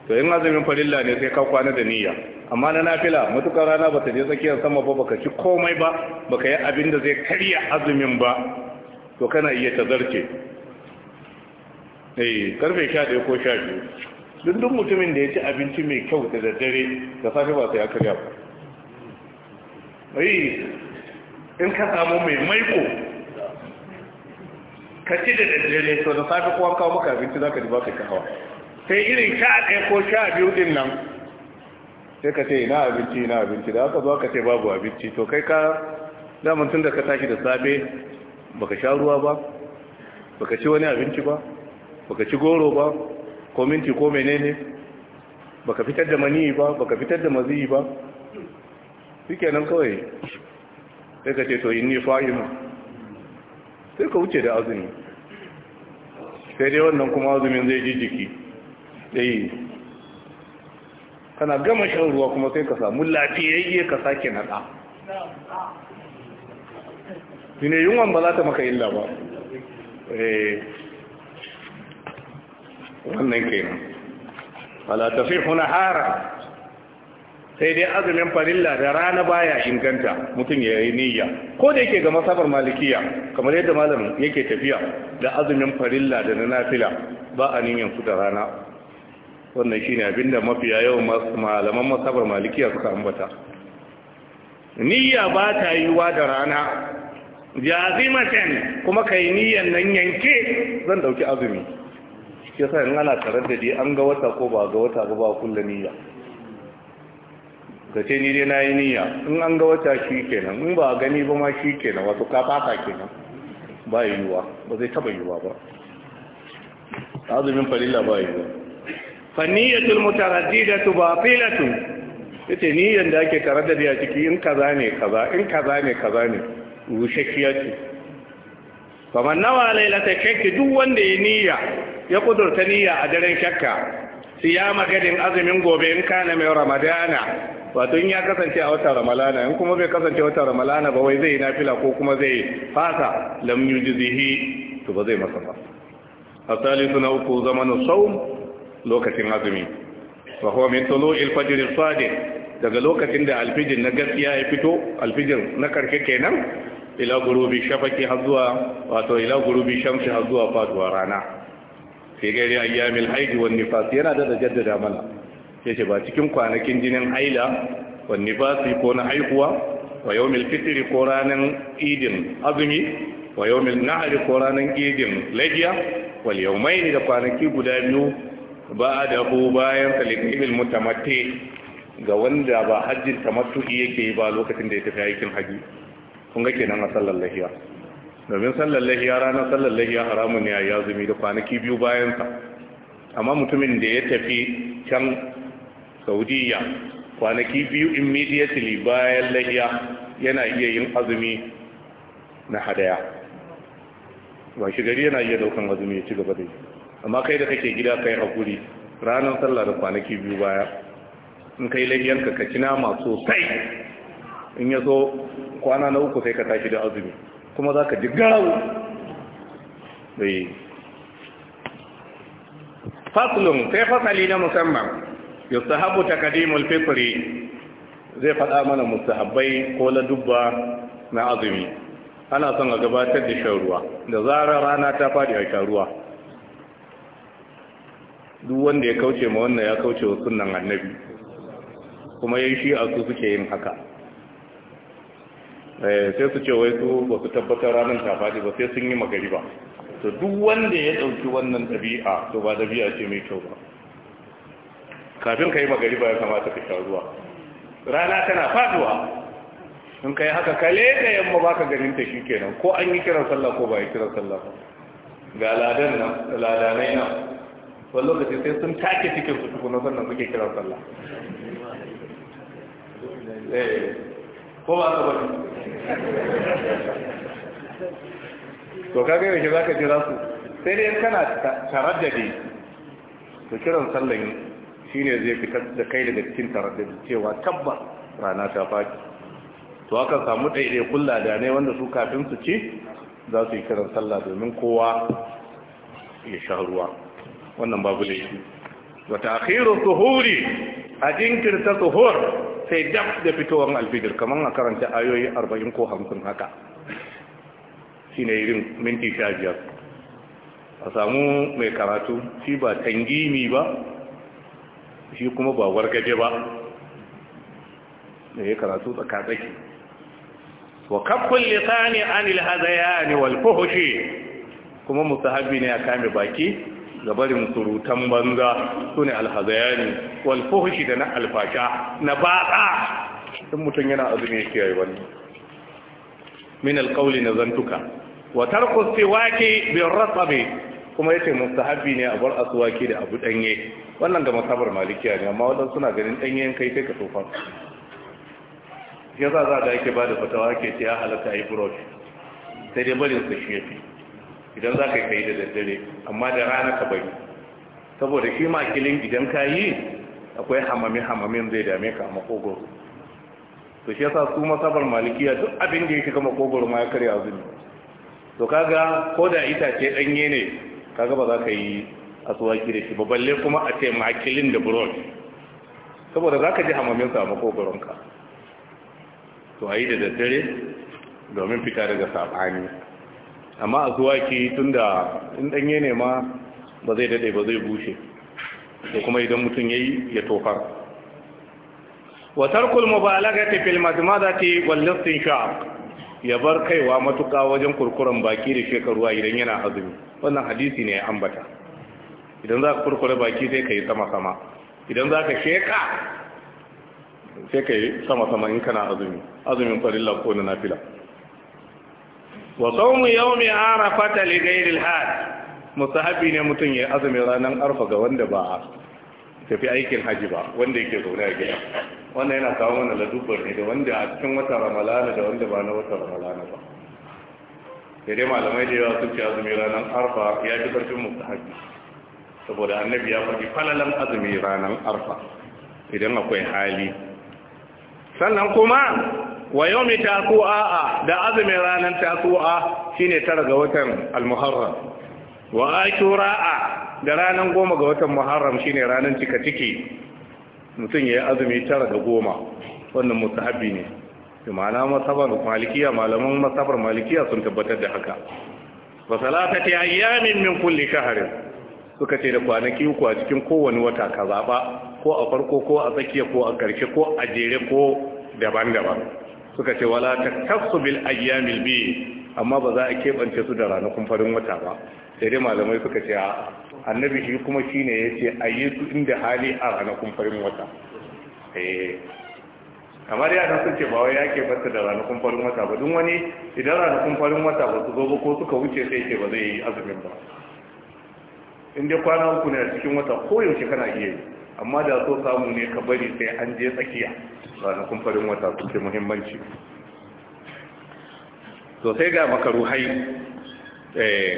to in azumin farilla ne sai ka kwana da niyya amma na nafila matukar rana ba ta je tsakiyar sama ba baka ci komai ba baka yi abin da zai karya azumin ba to kana iya tazarce eh karfe 11 ko 12 duk duk mutumin da ya ci abinci mai kyau da daddare da safe ba sai ya karya ba eh in ka samu mai maiko ka ci da daddare to da safe kowa kawo maka abinci zaka ji ba kai kawa sai irin sha ɗaya ko sha biyu din nan sai ka ce ina abinci ina abinci da aka zo ka ce babu abinci to kai ka daman tun da ka tashi da safe baka sha ruwa ba baka ci wani abinci ba baka ci goro ba ko minti ko menene baka fitar da mani ba baka fitar da mazi ba nan kawai sai ka ce to inni fa'im sai ka wuce da azumi sai dai wannan kuma azumin zai jijiki. ɗaya kana gama shan ruwa kuma sai ka samu lafiyayye ka sake nada ne yunwan ba za ta maka illa ba eh wannan kenan wala tasihu nahara sai dai azumin farilla da rana baya inganta mutum ya yi niyya ko da yake ga masabar malikiya kamar yadda malam yake tafiya da azumin farilla da na nafila ba a niyyan su da rana wannan shine abinda mafiya yawan malaman masabar malikiya suka ambata niyya ba ta yiwa da rana jazimatan kuma kai niyyan nan yanke zan dauki azumi shi yasa in ana dai an ga wata ko ba ga wata ba ba kullu niyya ka ce ni dai na yi niyya in an ga wata shi kenan in ba gani ba ma shi kenan wato ka fata kenan ba yiwuwa ba zai taba yiwuwa ba azumin farilla ba yiwuwa fanniyatul mutaraddidatu batilatun yace niyyan da ake tarar da a ciki in kaza ne kaza in kaza ne kaza ne rushashiya ce faman nawa lailata shakki duk wanda ya niyya ya kudurta niyya a daren su siyama gadin azumin gobe in kana mai ramadana wato in ya kasance a wata ramalana in kuma bai kasance wata ramalana ba wai zai na fila ko kuma zai fasa lam yujzihi to ba zai masa ba asalisu na uku zamanu saum lokacin azumi Ba huwa min tolo fajr as daga lokacin da alfijin na gaskiya ya fito alfijin na karshe kenan ila gurubi shafaki har zuwa wato ila gurubi shamsi har zuwa faduwa rana fi gairi ayyamil haidi wan nifas yana da jaddada mana yace ba cikin kwanakin jinin haila wan nifasi ko na haihuwa wa yawmil fitri ko ranan idin azumi wa yawmil nahri ko ranan idin lajiya wal ne da kwanaki guda biyu ba da hu bayan kalibin mutamatti ga wanda ba hajjin tamattu yake ba lokacin da ya tafi aikin haji kun ga kenan a sallar lahiya domin sallar lahiya ranar sallar lahiya haramun ne a yazumi da kwanaki biyu bayansa amma mutumin da ya tafi can saudiya kwanaki biyu immediately bayan lahiya yana iya yin azumi na hadaya ba shi gari yana iya daukan azumi ya ci gaba da yi amma kai da kake gida kai hakuri ranar sallar da kwanaki biyu baya in kai lahiyanka ka ci nama sosai in ya so kwana na uku sai ka tashi da azumi kuma za ka ji garau da eh. yi sai fasali na musamman ya ta takadimul fitri zai faɗa mana musahabbai ko dubba na azumi ana son a gabatar da shan ruwa da zarar rana ta faɗi a sharuwa. duk wanda ya kauce ma wannan ya kauce wa sunan annabi kuma yi shi a su suke yin haka Eh, sai su ce wai su ba su tabbatar ranar ta faɗi ba sai sun yi ba to duk wanda ya ɗauki wannan ɗabi'a to ba ɗabi'a ce mai kyau ba kafin ka yi ba ya kamata ka sha ruwa rana tana faduwa in ka yi haka ka leka yamma ba ka ganin ta shi kenan ko an yi kiran sallah ko ba yi kiran sallah ba ga ladan nan ladanai nan wani lokaci sai sun take cikin su tukuna sannan muke kiran sallah eh. ko ba ka bari to kaga yaushe za ka jira su sai dai kana taraddade to kiran sallan shi ne zai fitar da kai daga cikin taraddade cewa tabbas rana ta faɗi to aka samu ɗaiɗai kulla da ne wanda su kafin su ci za su yi kiran sallah domin kowa ya sha ruwa wannan babu shi wata akhiru suhuri a jinkirta suhur sai dab da fitowar alfijir kamar a karanta ayoyi arba'in ko hamsin haka shi ne irin minti sha biyar a samu mai karatu shi ba tangimi ba shi kuma ba wargaje ba da ya karatu tsakatsaki wa ne an anil hazayani wal fuhushi kuma musahabi ne a kame baki ga barin surutan banza su ne alhazayani walfuhushi da na alfasha na ba'a in mutum yana azumi ya kiyaye wani min alkauli na zantuka wa tarku siwaki bin rasabi kuma yace mustahabi ne a bar wake da abu ɗanye. wannan ga masabar malikiya ne amma wadansu suna ganin danyen kai kai ka tofa ya za za da yake ba da fatawa ke ce ya halatta a yi burosh sai dai barin shi ya fi idan za ka yi kai da daddare amma da rana ka bari saboda shi makilin idan ka yi akwai hamami-hamamin zai dame ka a makogoro to shi yasa su masabar malikiya duk abin da ya shiga makogoro ma ya karya azumi to kaga ko da itace danye ne kaga ba za ka yi a asuwaki da shi ba balle kuma a ce makilin da burot saboda za ka ji hamamin sa a makogoronka to a yi da daddare domin fita daga saɓani amma a zuwa tun da in danye ne ma ba zai dade ba zai bushe ko kuma idan mutum ya yi ya tofar wa za ta yi yi sun istinshaq ya bar kaiwa matuka wajen kurkuren baki da shekaruwa idan yana azumi wannan hadisi ne ya ambata idan za ka kurkure baki sai ka yi sama-sama idan za ka sheka sai ka yi sama-sama in kana azumi azumin farin ko na fila. wa sawmu yawmi arafata li ghairi al-had musahabi ne mutum ya azumi ranar arfa ga wanda ba tafi aikin haji ba wanda yake zaune a gida wannan yana kawo mana ladubar ne da wanda a cikin wata ramalana da wanda ba na wata ramalana ba sai dai malamai da yawa sun ce azumi ranar arfa ya fi karfin musahabi saboda annabi ya faɗi falalan azumi ranar arfa idan akwai hali sannan kuma wa yomi a da azumin ranar shi shine tara ga watan al-muharram wa a da ranar goma ga watan muharram shine ranar cika ciki mutum ya yi azumi tara ga goma wannan mustahabi ne ma'ana masabar malikiya malaman masabar malikiya sun tabbatar da haka ta ta ayyamin min kulli shaharin suka ce da kwanaki uku a cikin kowane wata ka zaɓa, ko a farko ko a tsakiya ko a ƙarshe ko a jere ko daban-daban suka ce wala ta takassu bil ayyamil bi amma ba za a kebance su da ranakun farin wata ba sai dai malamai suka ce a annabi shi kuma shine yace ayi su inda hali a ranakun farin wata eh kamar yana sun ce ba wai yake bata da ranakun farin wata ba duk wani idan ranakun farin wata ba su zo ba ko suka wuce sai ce ba zai yi azumin ba in dai kwana uku ne a cikin wata ko yaushe kana iya yi amma da so samu ne ka bari sai an je tsakiya ranakun farin wata suke muhimmanci to sai ga makaruhai eh,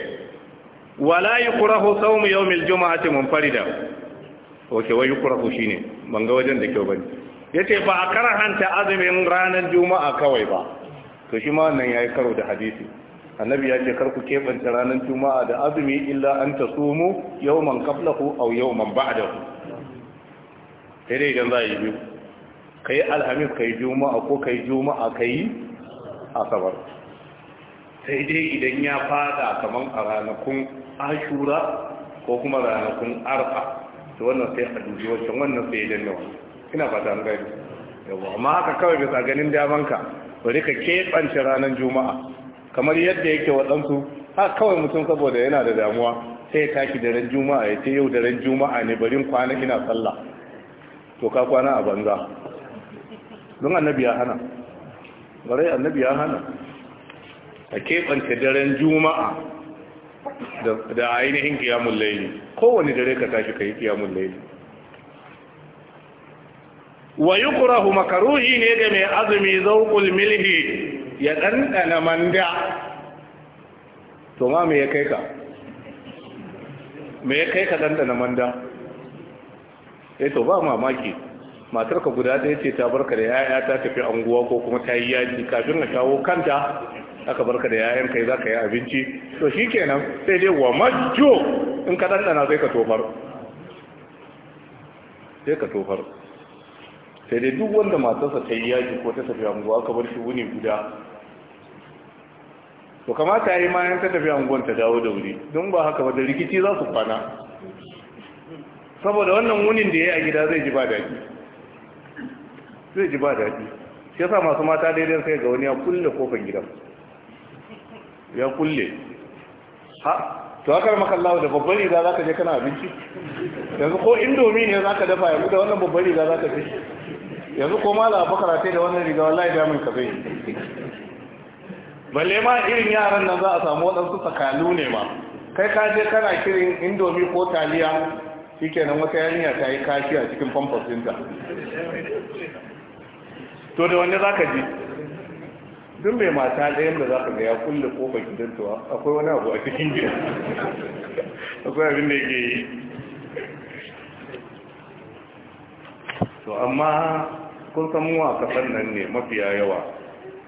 wala yukrahu sawmu yawmil juma'ati munfarida oke wai yukrahu shine ban ga wajen da kyau bane ce ba a karhanta azumin ranar juma'a kawai ba to shi ma wannan yayi karo da hadisi annabi ya ce kar ku kebanta ranar juma'a da azumi illa an tasumu yawman qablahu aw yawman ba'dahu sai dai idan za a yi biyu ka yi alhamis ka yi juma'a ko ka yi juma'a ka yi asabar sai dai idan ya fada kamar a ranakun ashura ko kuma ranakun arfa to wannan sai a dubi wancan wannan sai idan nawa ina fata an gani yawa amma haka kawai bisa ganin damanka bari ka keɓance ranar juma'a kamar yadda yake waɗansu ha kawai mutum saboda yana da damuwa sai ya tashi da ran juma'a ya ce yau da ran juma'a ne barin kwana ina sallah to ka kwana a banza don annabi ya hana barai annabi ya hana a keɓance daren juma'a da ainihin kiyamun laili kowane dare ka tashi ka yi kiyamun laili wa yi kurahu makaruhi ne da mai azumi zaukul milhi ya ɗanɗana manda to ma me ya kai ka me ya kai ka ɗanɗana manda ya eh to ba mamaki matar ka guda ɗaya ce ta barka da yaya ta tafi anguwa ko kuma ta yi yaji kafin na kawo kanta aka barka da yayan kai za ka yi abinci to shi kenan sai dai wa majo in ka ɗanɗana sai ka tofar sai ka tofar sai dai duk wanda matarsa ta yi yaji ko ta tafi anguwa ka bar shi wuni guda to kamata ya yi mayan ta tafi anguwan ta dawo da wuri don ba haka ba da rikici za su kwana saboda wannan wunin da ya yi a gida zai ji ba daɗi zai ji ba daɗi shi yasa masu mata daidai sai ga wani ya kulle kofan gidan ya kulle ha to haka makallawa da babban riga za ka je kana abinci yanzu ko indomi ne za ka dafa yanzu da wannan babban riga za ka fi yanzu ko mala abu karatai da wannan riga wallahi da mun kafe balle ma irin yaran nan za a samu waɗansu tsakalu ne ma kai ka je kana kirin indomi ko taliya kenan wata yarinya ta yi kashi a cikin famfas ɗinta to da wani za ka ji duk mai mata ɗayan da za ka ga ya kulle kofar gidan tuwa akwai wani abu a cikin gida akwai abin da yake yi to amma kun san a kasar nan ne mafiya yawa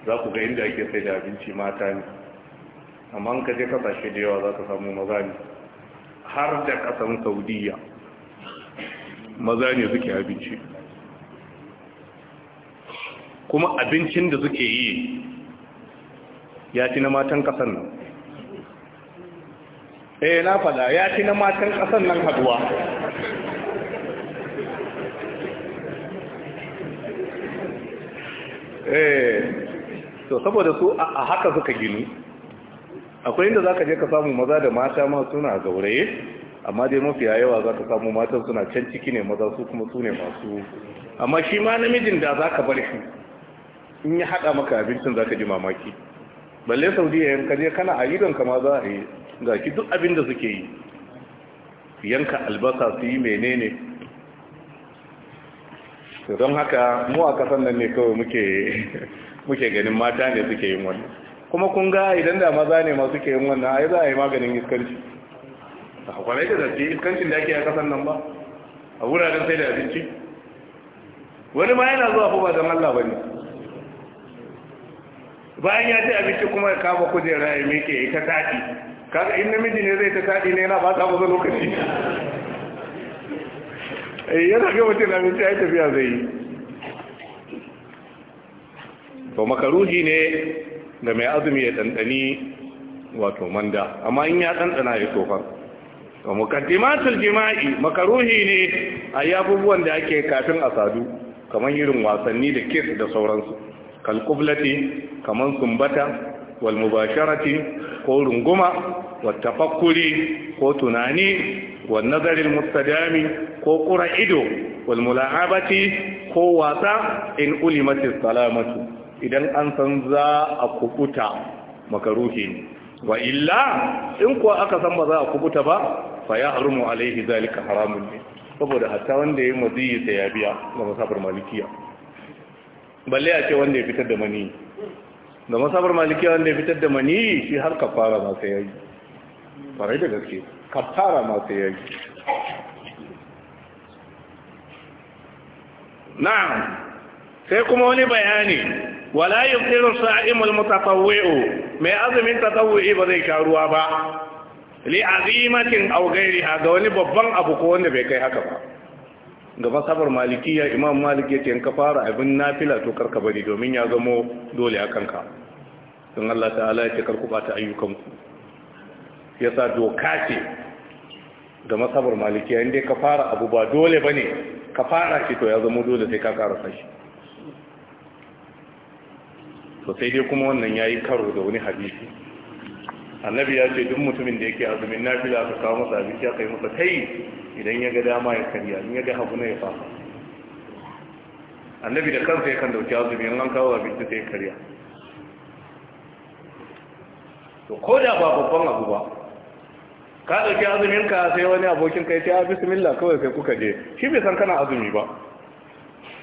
za ku ga inda ake sai da abinci mata ne amma an kaje kasashe da yawa za ka samu maza ne har da kasan saudiya maza ne suke abinci kuma abincin da suke yi ya ci na matan ƙasan nan eh na fada ya ci na matan ƙasan nan haduwa eh to saboda su a haka suka gini akwai inda za ka je ka samu maza da mata ma suna gauraye amma dai mafiya yawa za ka samu matan suna can ciki ne maza su kuma su ne masu amma shi ma namijin da za ka bar shi in ya haɗa maka abincin za ka ji mamaki balle saudiya yanka je kana a idon kama za a yi ga ki duk abin da suke yi yanka albasa su yi menene don haka mu a kasan nan ne kawai muke ganin mata ne suke yin wannan kuma kun ga idan da maza ne masu ke yin wannan ai za a yi maganin iskanci a kwanai da zarce iskancin da ake a kasan nan ba a wuraren sai da abinci wani ma yana zuwa fa ba don Allah ba ne bayan ya ci abinci kuma ya kama kujera ya miƙe ya ta taɗi kaga in namiji ne zai ta taɗi ne yana ba ta musu lokaci eh, yana ga mutum abinci ya tafiya zai yi to makaruhi ne da mai azumi ya ɗanɗani wato manda amma in ya ɗanɗana ya tofar to mukaddimatul jima'i makaruhi ne a yabubuwan da ake kafin a sadu kamar irin wasanni da kis da sauransu kalkublati kamar sumbata wal mubasharati ko runguma wat ko tunani wal nazarin mustadami ko ƙura ido wal mula'abati ko wasa in ulimati salamatu idan an san za a kubuta makaruhi wa illa in kuwa aka san ba za a kubuta ba fa ya harumu alaihi zalika haramun ne saboda hatta wanda ya yi maziyi ya biya ga masafar malikiya balle a ce wanda ya fitar da mani da masabar malikiya wanda ya fitar da mani shi har kafara ma sai yayi farai da gaske kafara ma sai yayi na'am sai kuma wani bayani wala yuftiru sa'imul mutatawwi'u mai azumin tatawwi ba zai karuwa ba li azimatin aw ghairiha ga wani babban abu ko wanda bai kai haka ba ga masabar malikiya imam malik ya ce in ka fara abin nafila to karka bari domin ya zamo dole a kanka don Allah ta'ala ya ce karku bata ayyukanku ya sa doka ce ga masabar malikiya inda ka fara abu ba dole ba ne ka fara shi to ya zamo dole sai ka karasa shi to sai dai kuma wannan ya yi karo da wani hadisi annabi ya ce duk mutumin da yake azumin nafila ka kawo masa abinci ya kai masa yi. idan ya ga dama ya karya in ya ga hagu na ya fasa annabi da kansa yakan dauki azumi in an kawo abinci sai karya to ko da ba babban abu ba ka dauki azumin ka sai wani abokin kai ta ah, bismillah kawai sai kuka je shi bai san kana azumi ba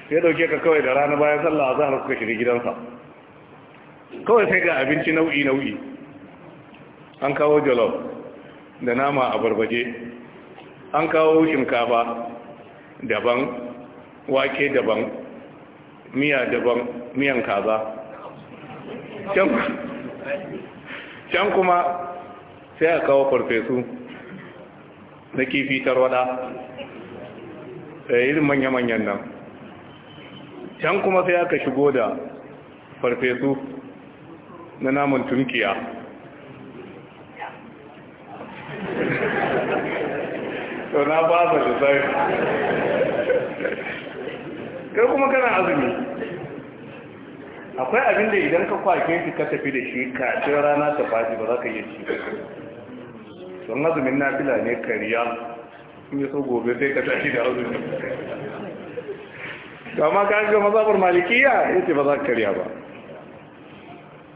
sai dauke ka kawai da rana bayan sallah azhar kuka shiga gidansa kawai sai ga abinci nau'i nau'i an kawo jalof da nama a barbaje an kawo shinkafa daban wake daban miya daban miyan kaza can kuma sai a kawo farfesu na kifi tarwada da eh, irin manya-manyan nan can kuma sai aka shigo da farfesu na naman tunkiya to na ba da sai kai kuma kana azumi akwai abin da idan ka kwake shi ka tafi da shi kacin rana ta faɗi ba za ka yi shi don azumin na fila ne kariya in yi so gobe sai ka tashi da azumi kama ka ga mazabar malikiya ya ce ba za ka kariya ba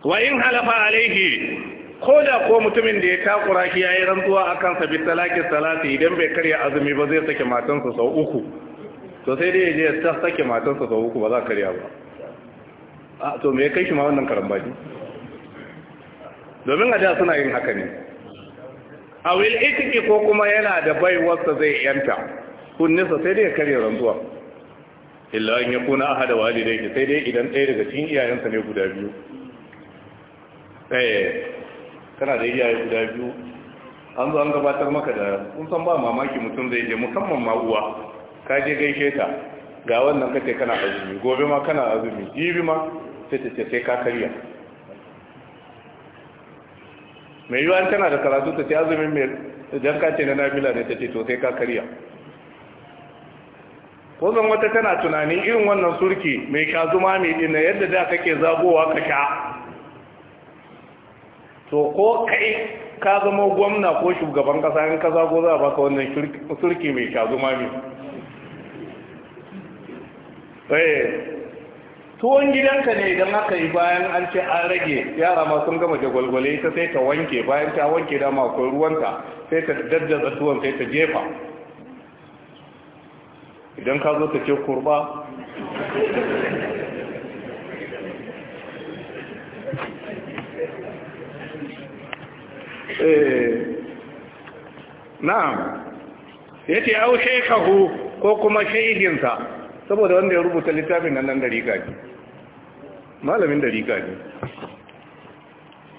wa in halafa alaihi ko da ko mutumin da ya takura shi ya yi rantsuwa a kansa bi talakin salati idan bai karya azumi ba zai sake matansa sau uku to sai dai ya je ta sake matansa sau uku ba za karya ba a to me ya kai shi ma wannan karambaji domin a da suna yin haka ne a wil itiki ko kuma yana da baiwarsa zai yanta kunnisa sai dai ya karya rantsuwa illa an ya kuna ahada walidai sai dai idan ɗaya daga cikin iyayensa ne guda biyu eh kana da iyaye guda biyu an zo an gabatar maka da kun san ba mamaki mutum zai je musamman ma uwa ka je gaishe ta ga wannan kace kana azumi gobe ma kana azumi jibi ma sai ta ce sai ka karya mai yiwuwa tana da karatu ta ce azumin mai idan ka ce na nabila ne ta ce to sai ka karya ko zan wata tana tunanin irin wannan surki mai sha zuma mai dina yadda da kake zagowa ka sha to ko kai ka zama gwamna ko shugaban kasa in kasa ko za a baka wannan surki mai shazuma ne eh, tuwon gidanka ne idan aka yi bayan an ce an rage yara ma sun gama jagwalgwale ta sai ta wanke bayan ta wanke dama akwai ruwanta sai ta daddaza tuwon sai ta jefa idan ka zo ta ce kurba Eh, na'am yace au shaykhahu ko kuma shayginsa saboda wanda ya rubuta littafin nan nan dariƙa ne malamin dariƙa ne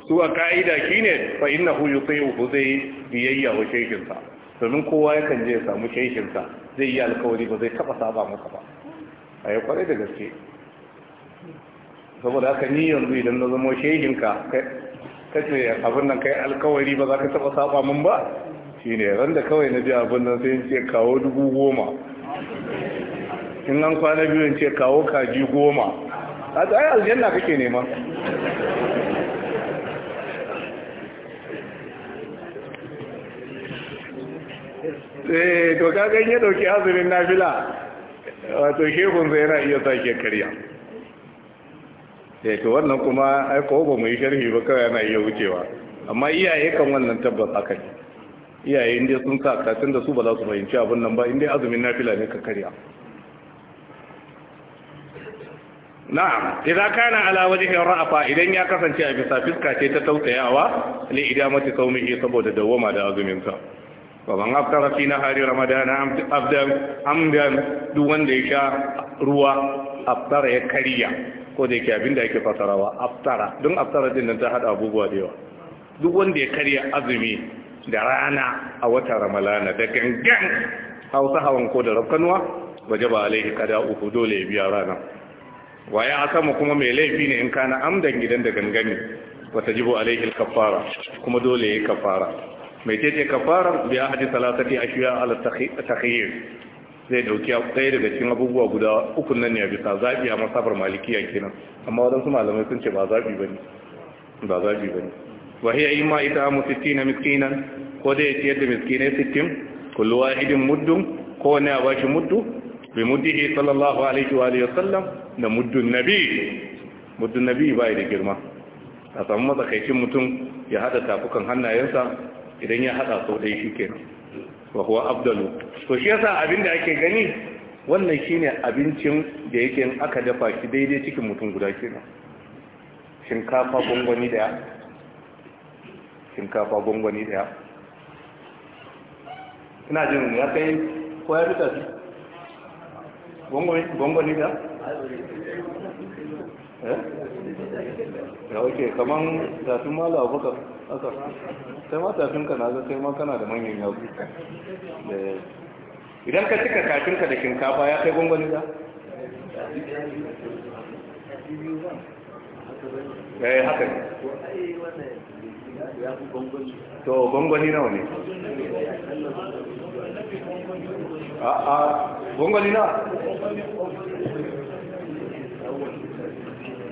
su a ka'ida shine fa innahu uku zai biyayya wa shayginsa domin kowa yakan je ya samu shayginsa zai yi alkawari ba zai taba saba masa ba a yi kwarai da gaske saboda haka ni yanzu idan na zama shehinka kace abin nan kai alkawari ba za ka taba saba min ba shine ran da kawai na ji abin nan sai ce kawo dubu goma in nan kwana biyu ce kawo kaji goma a tsaye aljanna kake nema eh to kagan ya dauki azumin nafila wato shehun zai yana iya sake karya da eh, ke wannan kuma aiko ba mu yi sharhi ba kawai yana iya wucewa amma iyaye kan wannan tabbas haka ne iyaye inda sun sa katin da su ba za su fahimci abin nan ba inda azumin nafila ne ka karya na'am idan kana ala wajhi ra'afa idan ya kasance a bisa fiska ce ta tausayawa ne idan mace idamati sawmihi saboda dawama da azumin sa baban aftara fi nahari ramadana abdan duk wanda ya sha ruwa aftara ya karya ko da yake abinda yake fasarawa aftara don aftara din nan ta hada abubuwa da yawa duk wanda ya karya azumi da rana a wata ramalana da gangan hausa hawan ko da rafkanuwa waje ba alaihi kada uku dole ya biya rana waya a sama kuma mai laifi ne in kana amdan gidan da gangani wata jibo alaihi kafara kuma dole ya yi kafara mai ce ce kafaran biya haji salatati ashiya ala takhayyir zai dauki ɗaya daga cikin abubuwa guda uku nan ne a bisa zaɓi a masafar malikiya kenan amma waɗansu malamai sun ce ba zaɓi ba ne ba zaɓi ba ne wa hiya imma ita mu sittin sittina miskinan ko dai ya ciyar da miskinai sittin kullu wahidin muddun ko wani a bashi muddu bi muddihi sallallahu alaihi wa alihi wasallam da muddun nabi muddun nabi ba da girma a samu matsakaicin mutum ya haɗa tafukan hannayensa idan ya haɗa sau ɗaya shi kenan wa huwa afdalu to shi yasa abin da ake gani wannan shine abincin da yake in aka dafa shi daidai cikin mutum guda kenan shinkafa gwangwani daya shinkafa gwangwani daya ina jin ya kai ko ya rika su? gwangwani daya eh? ya wuce kaman zafin mala abubakar haka sai ma tafinka na ga kai ma kana da manyan yatsu idan ka cika kafinka da shinkafa ya kai gwangwani za eh haka ne to gwangwani nawa ne a gwangwani nawa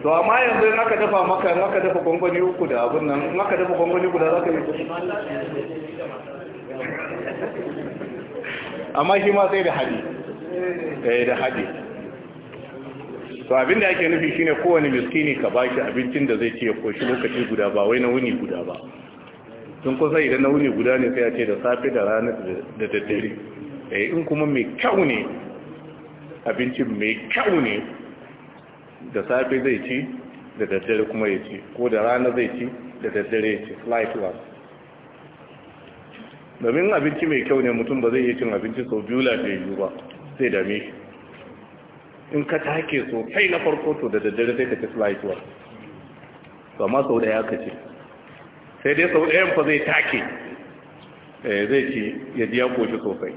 to amma yanzu in aka dafa maka in aka dafa gwangwani uku da abin nan in aka dafa gwangwani guda za ka yi amma shi ma sai da hadi sai eh, da hadi to abin da ake nufi shine kowane miskini ka ba shi abincin da zai ce ya shi lokaci guda ba wai na wuni guda ba sun kusa idan na wuni guda ne sai ya ce da safe da rana da daddare eh, in kuma mai kyau ne abincin mai kyau ne da safe zai ci da daddare kuma ya ci ko da rana zai ci da daddare ya ci likewise domin abinci mai kyau ne mutum ba zai iya cin abinci sau biyu lafiyayyu ba sai dame shi in ka take sosai na farko to da daddare sai ka ci likewise to amma sau da ya ka ce sai dai sau ɗayan fa zai take eh, zai ci ya ji ya koshi sosai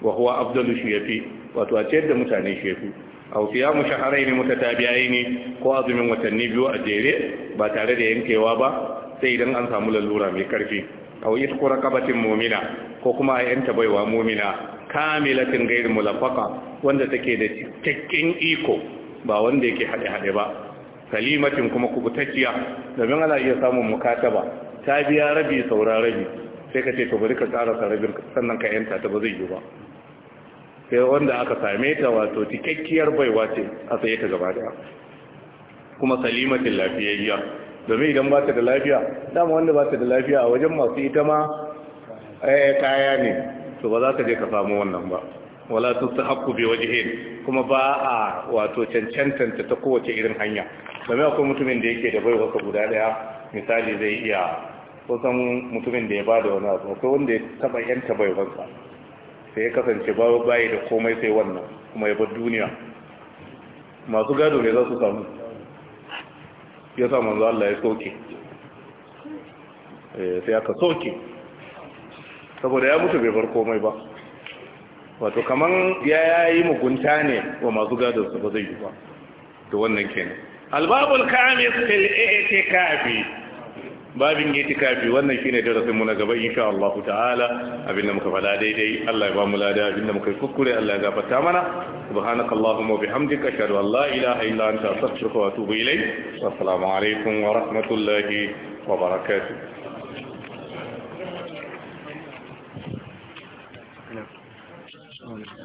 wa huwa abdullu shi fi, wato a ce yadda mutane shi ya fi. ta siyamu ya mutatabi'ain ko azumin watanni biyu a jere ba tare da yankewa ba sai idan an samu lalura mai karfi aw yatqu raqabatin mu'mina ko kuma a yanta baiwa mu'mina kamilatin gairi mulafaka wanda take da cikakken iko ba wanda yake haɗe-haɗe ba kalimatin kuma kubutacciya domin ana iya samun mukataba ta biya rabi saura rabi sai ka ce to bari ka karasa rabin sannan ka yanta ta ba zai yi ba sai wanda aka same ta wato cikakkiyar baiwa ce a tsaye ta gaba daya kuma salimatin lafiyayya domin idan ba ta da lafiya dama wanda ba ta da lafiya a wajen masu ita ma eh, kaya ne to ba za ka je ka samu wannan ba wala sun su haku bi wajihin kuma ba a wato cancantanta ta kowace irin hanya domin akwai mutumin da yake da baiwa ka guda daya misali zai iya kusan mutumin da ya ba da wani abu akwai wanda ya taba yanta baiwansa sai ya kasance babu bayi da komai sai wannan kuma ya bar duniya masu gado ne za su samu ya sa manzo Allah ya soke eh, sai aka soke saboda ya mutu bai bar komai ba wato kaman ya yi mugunta ne wa masu gadon su ba zai yi ba da wannan kenan albabul kamis fil i'tikafi babin itikafi wannan shine darasin mu na gaba insha Allah ta'ala abinda muka fada daidai Allah ya ba mu lada abinda muka kukkure Allah ya gafarta mana subhanakallahumma wa bihamdika ashhadu an la ilaha illa anta astaghfiruka wa atubu ilayk assalamu alaikum wa rahmatullahi wa barakatuh Thank you.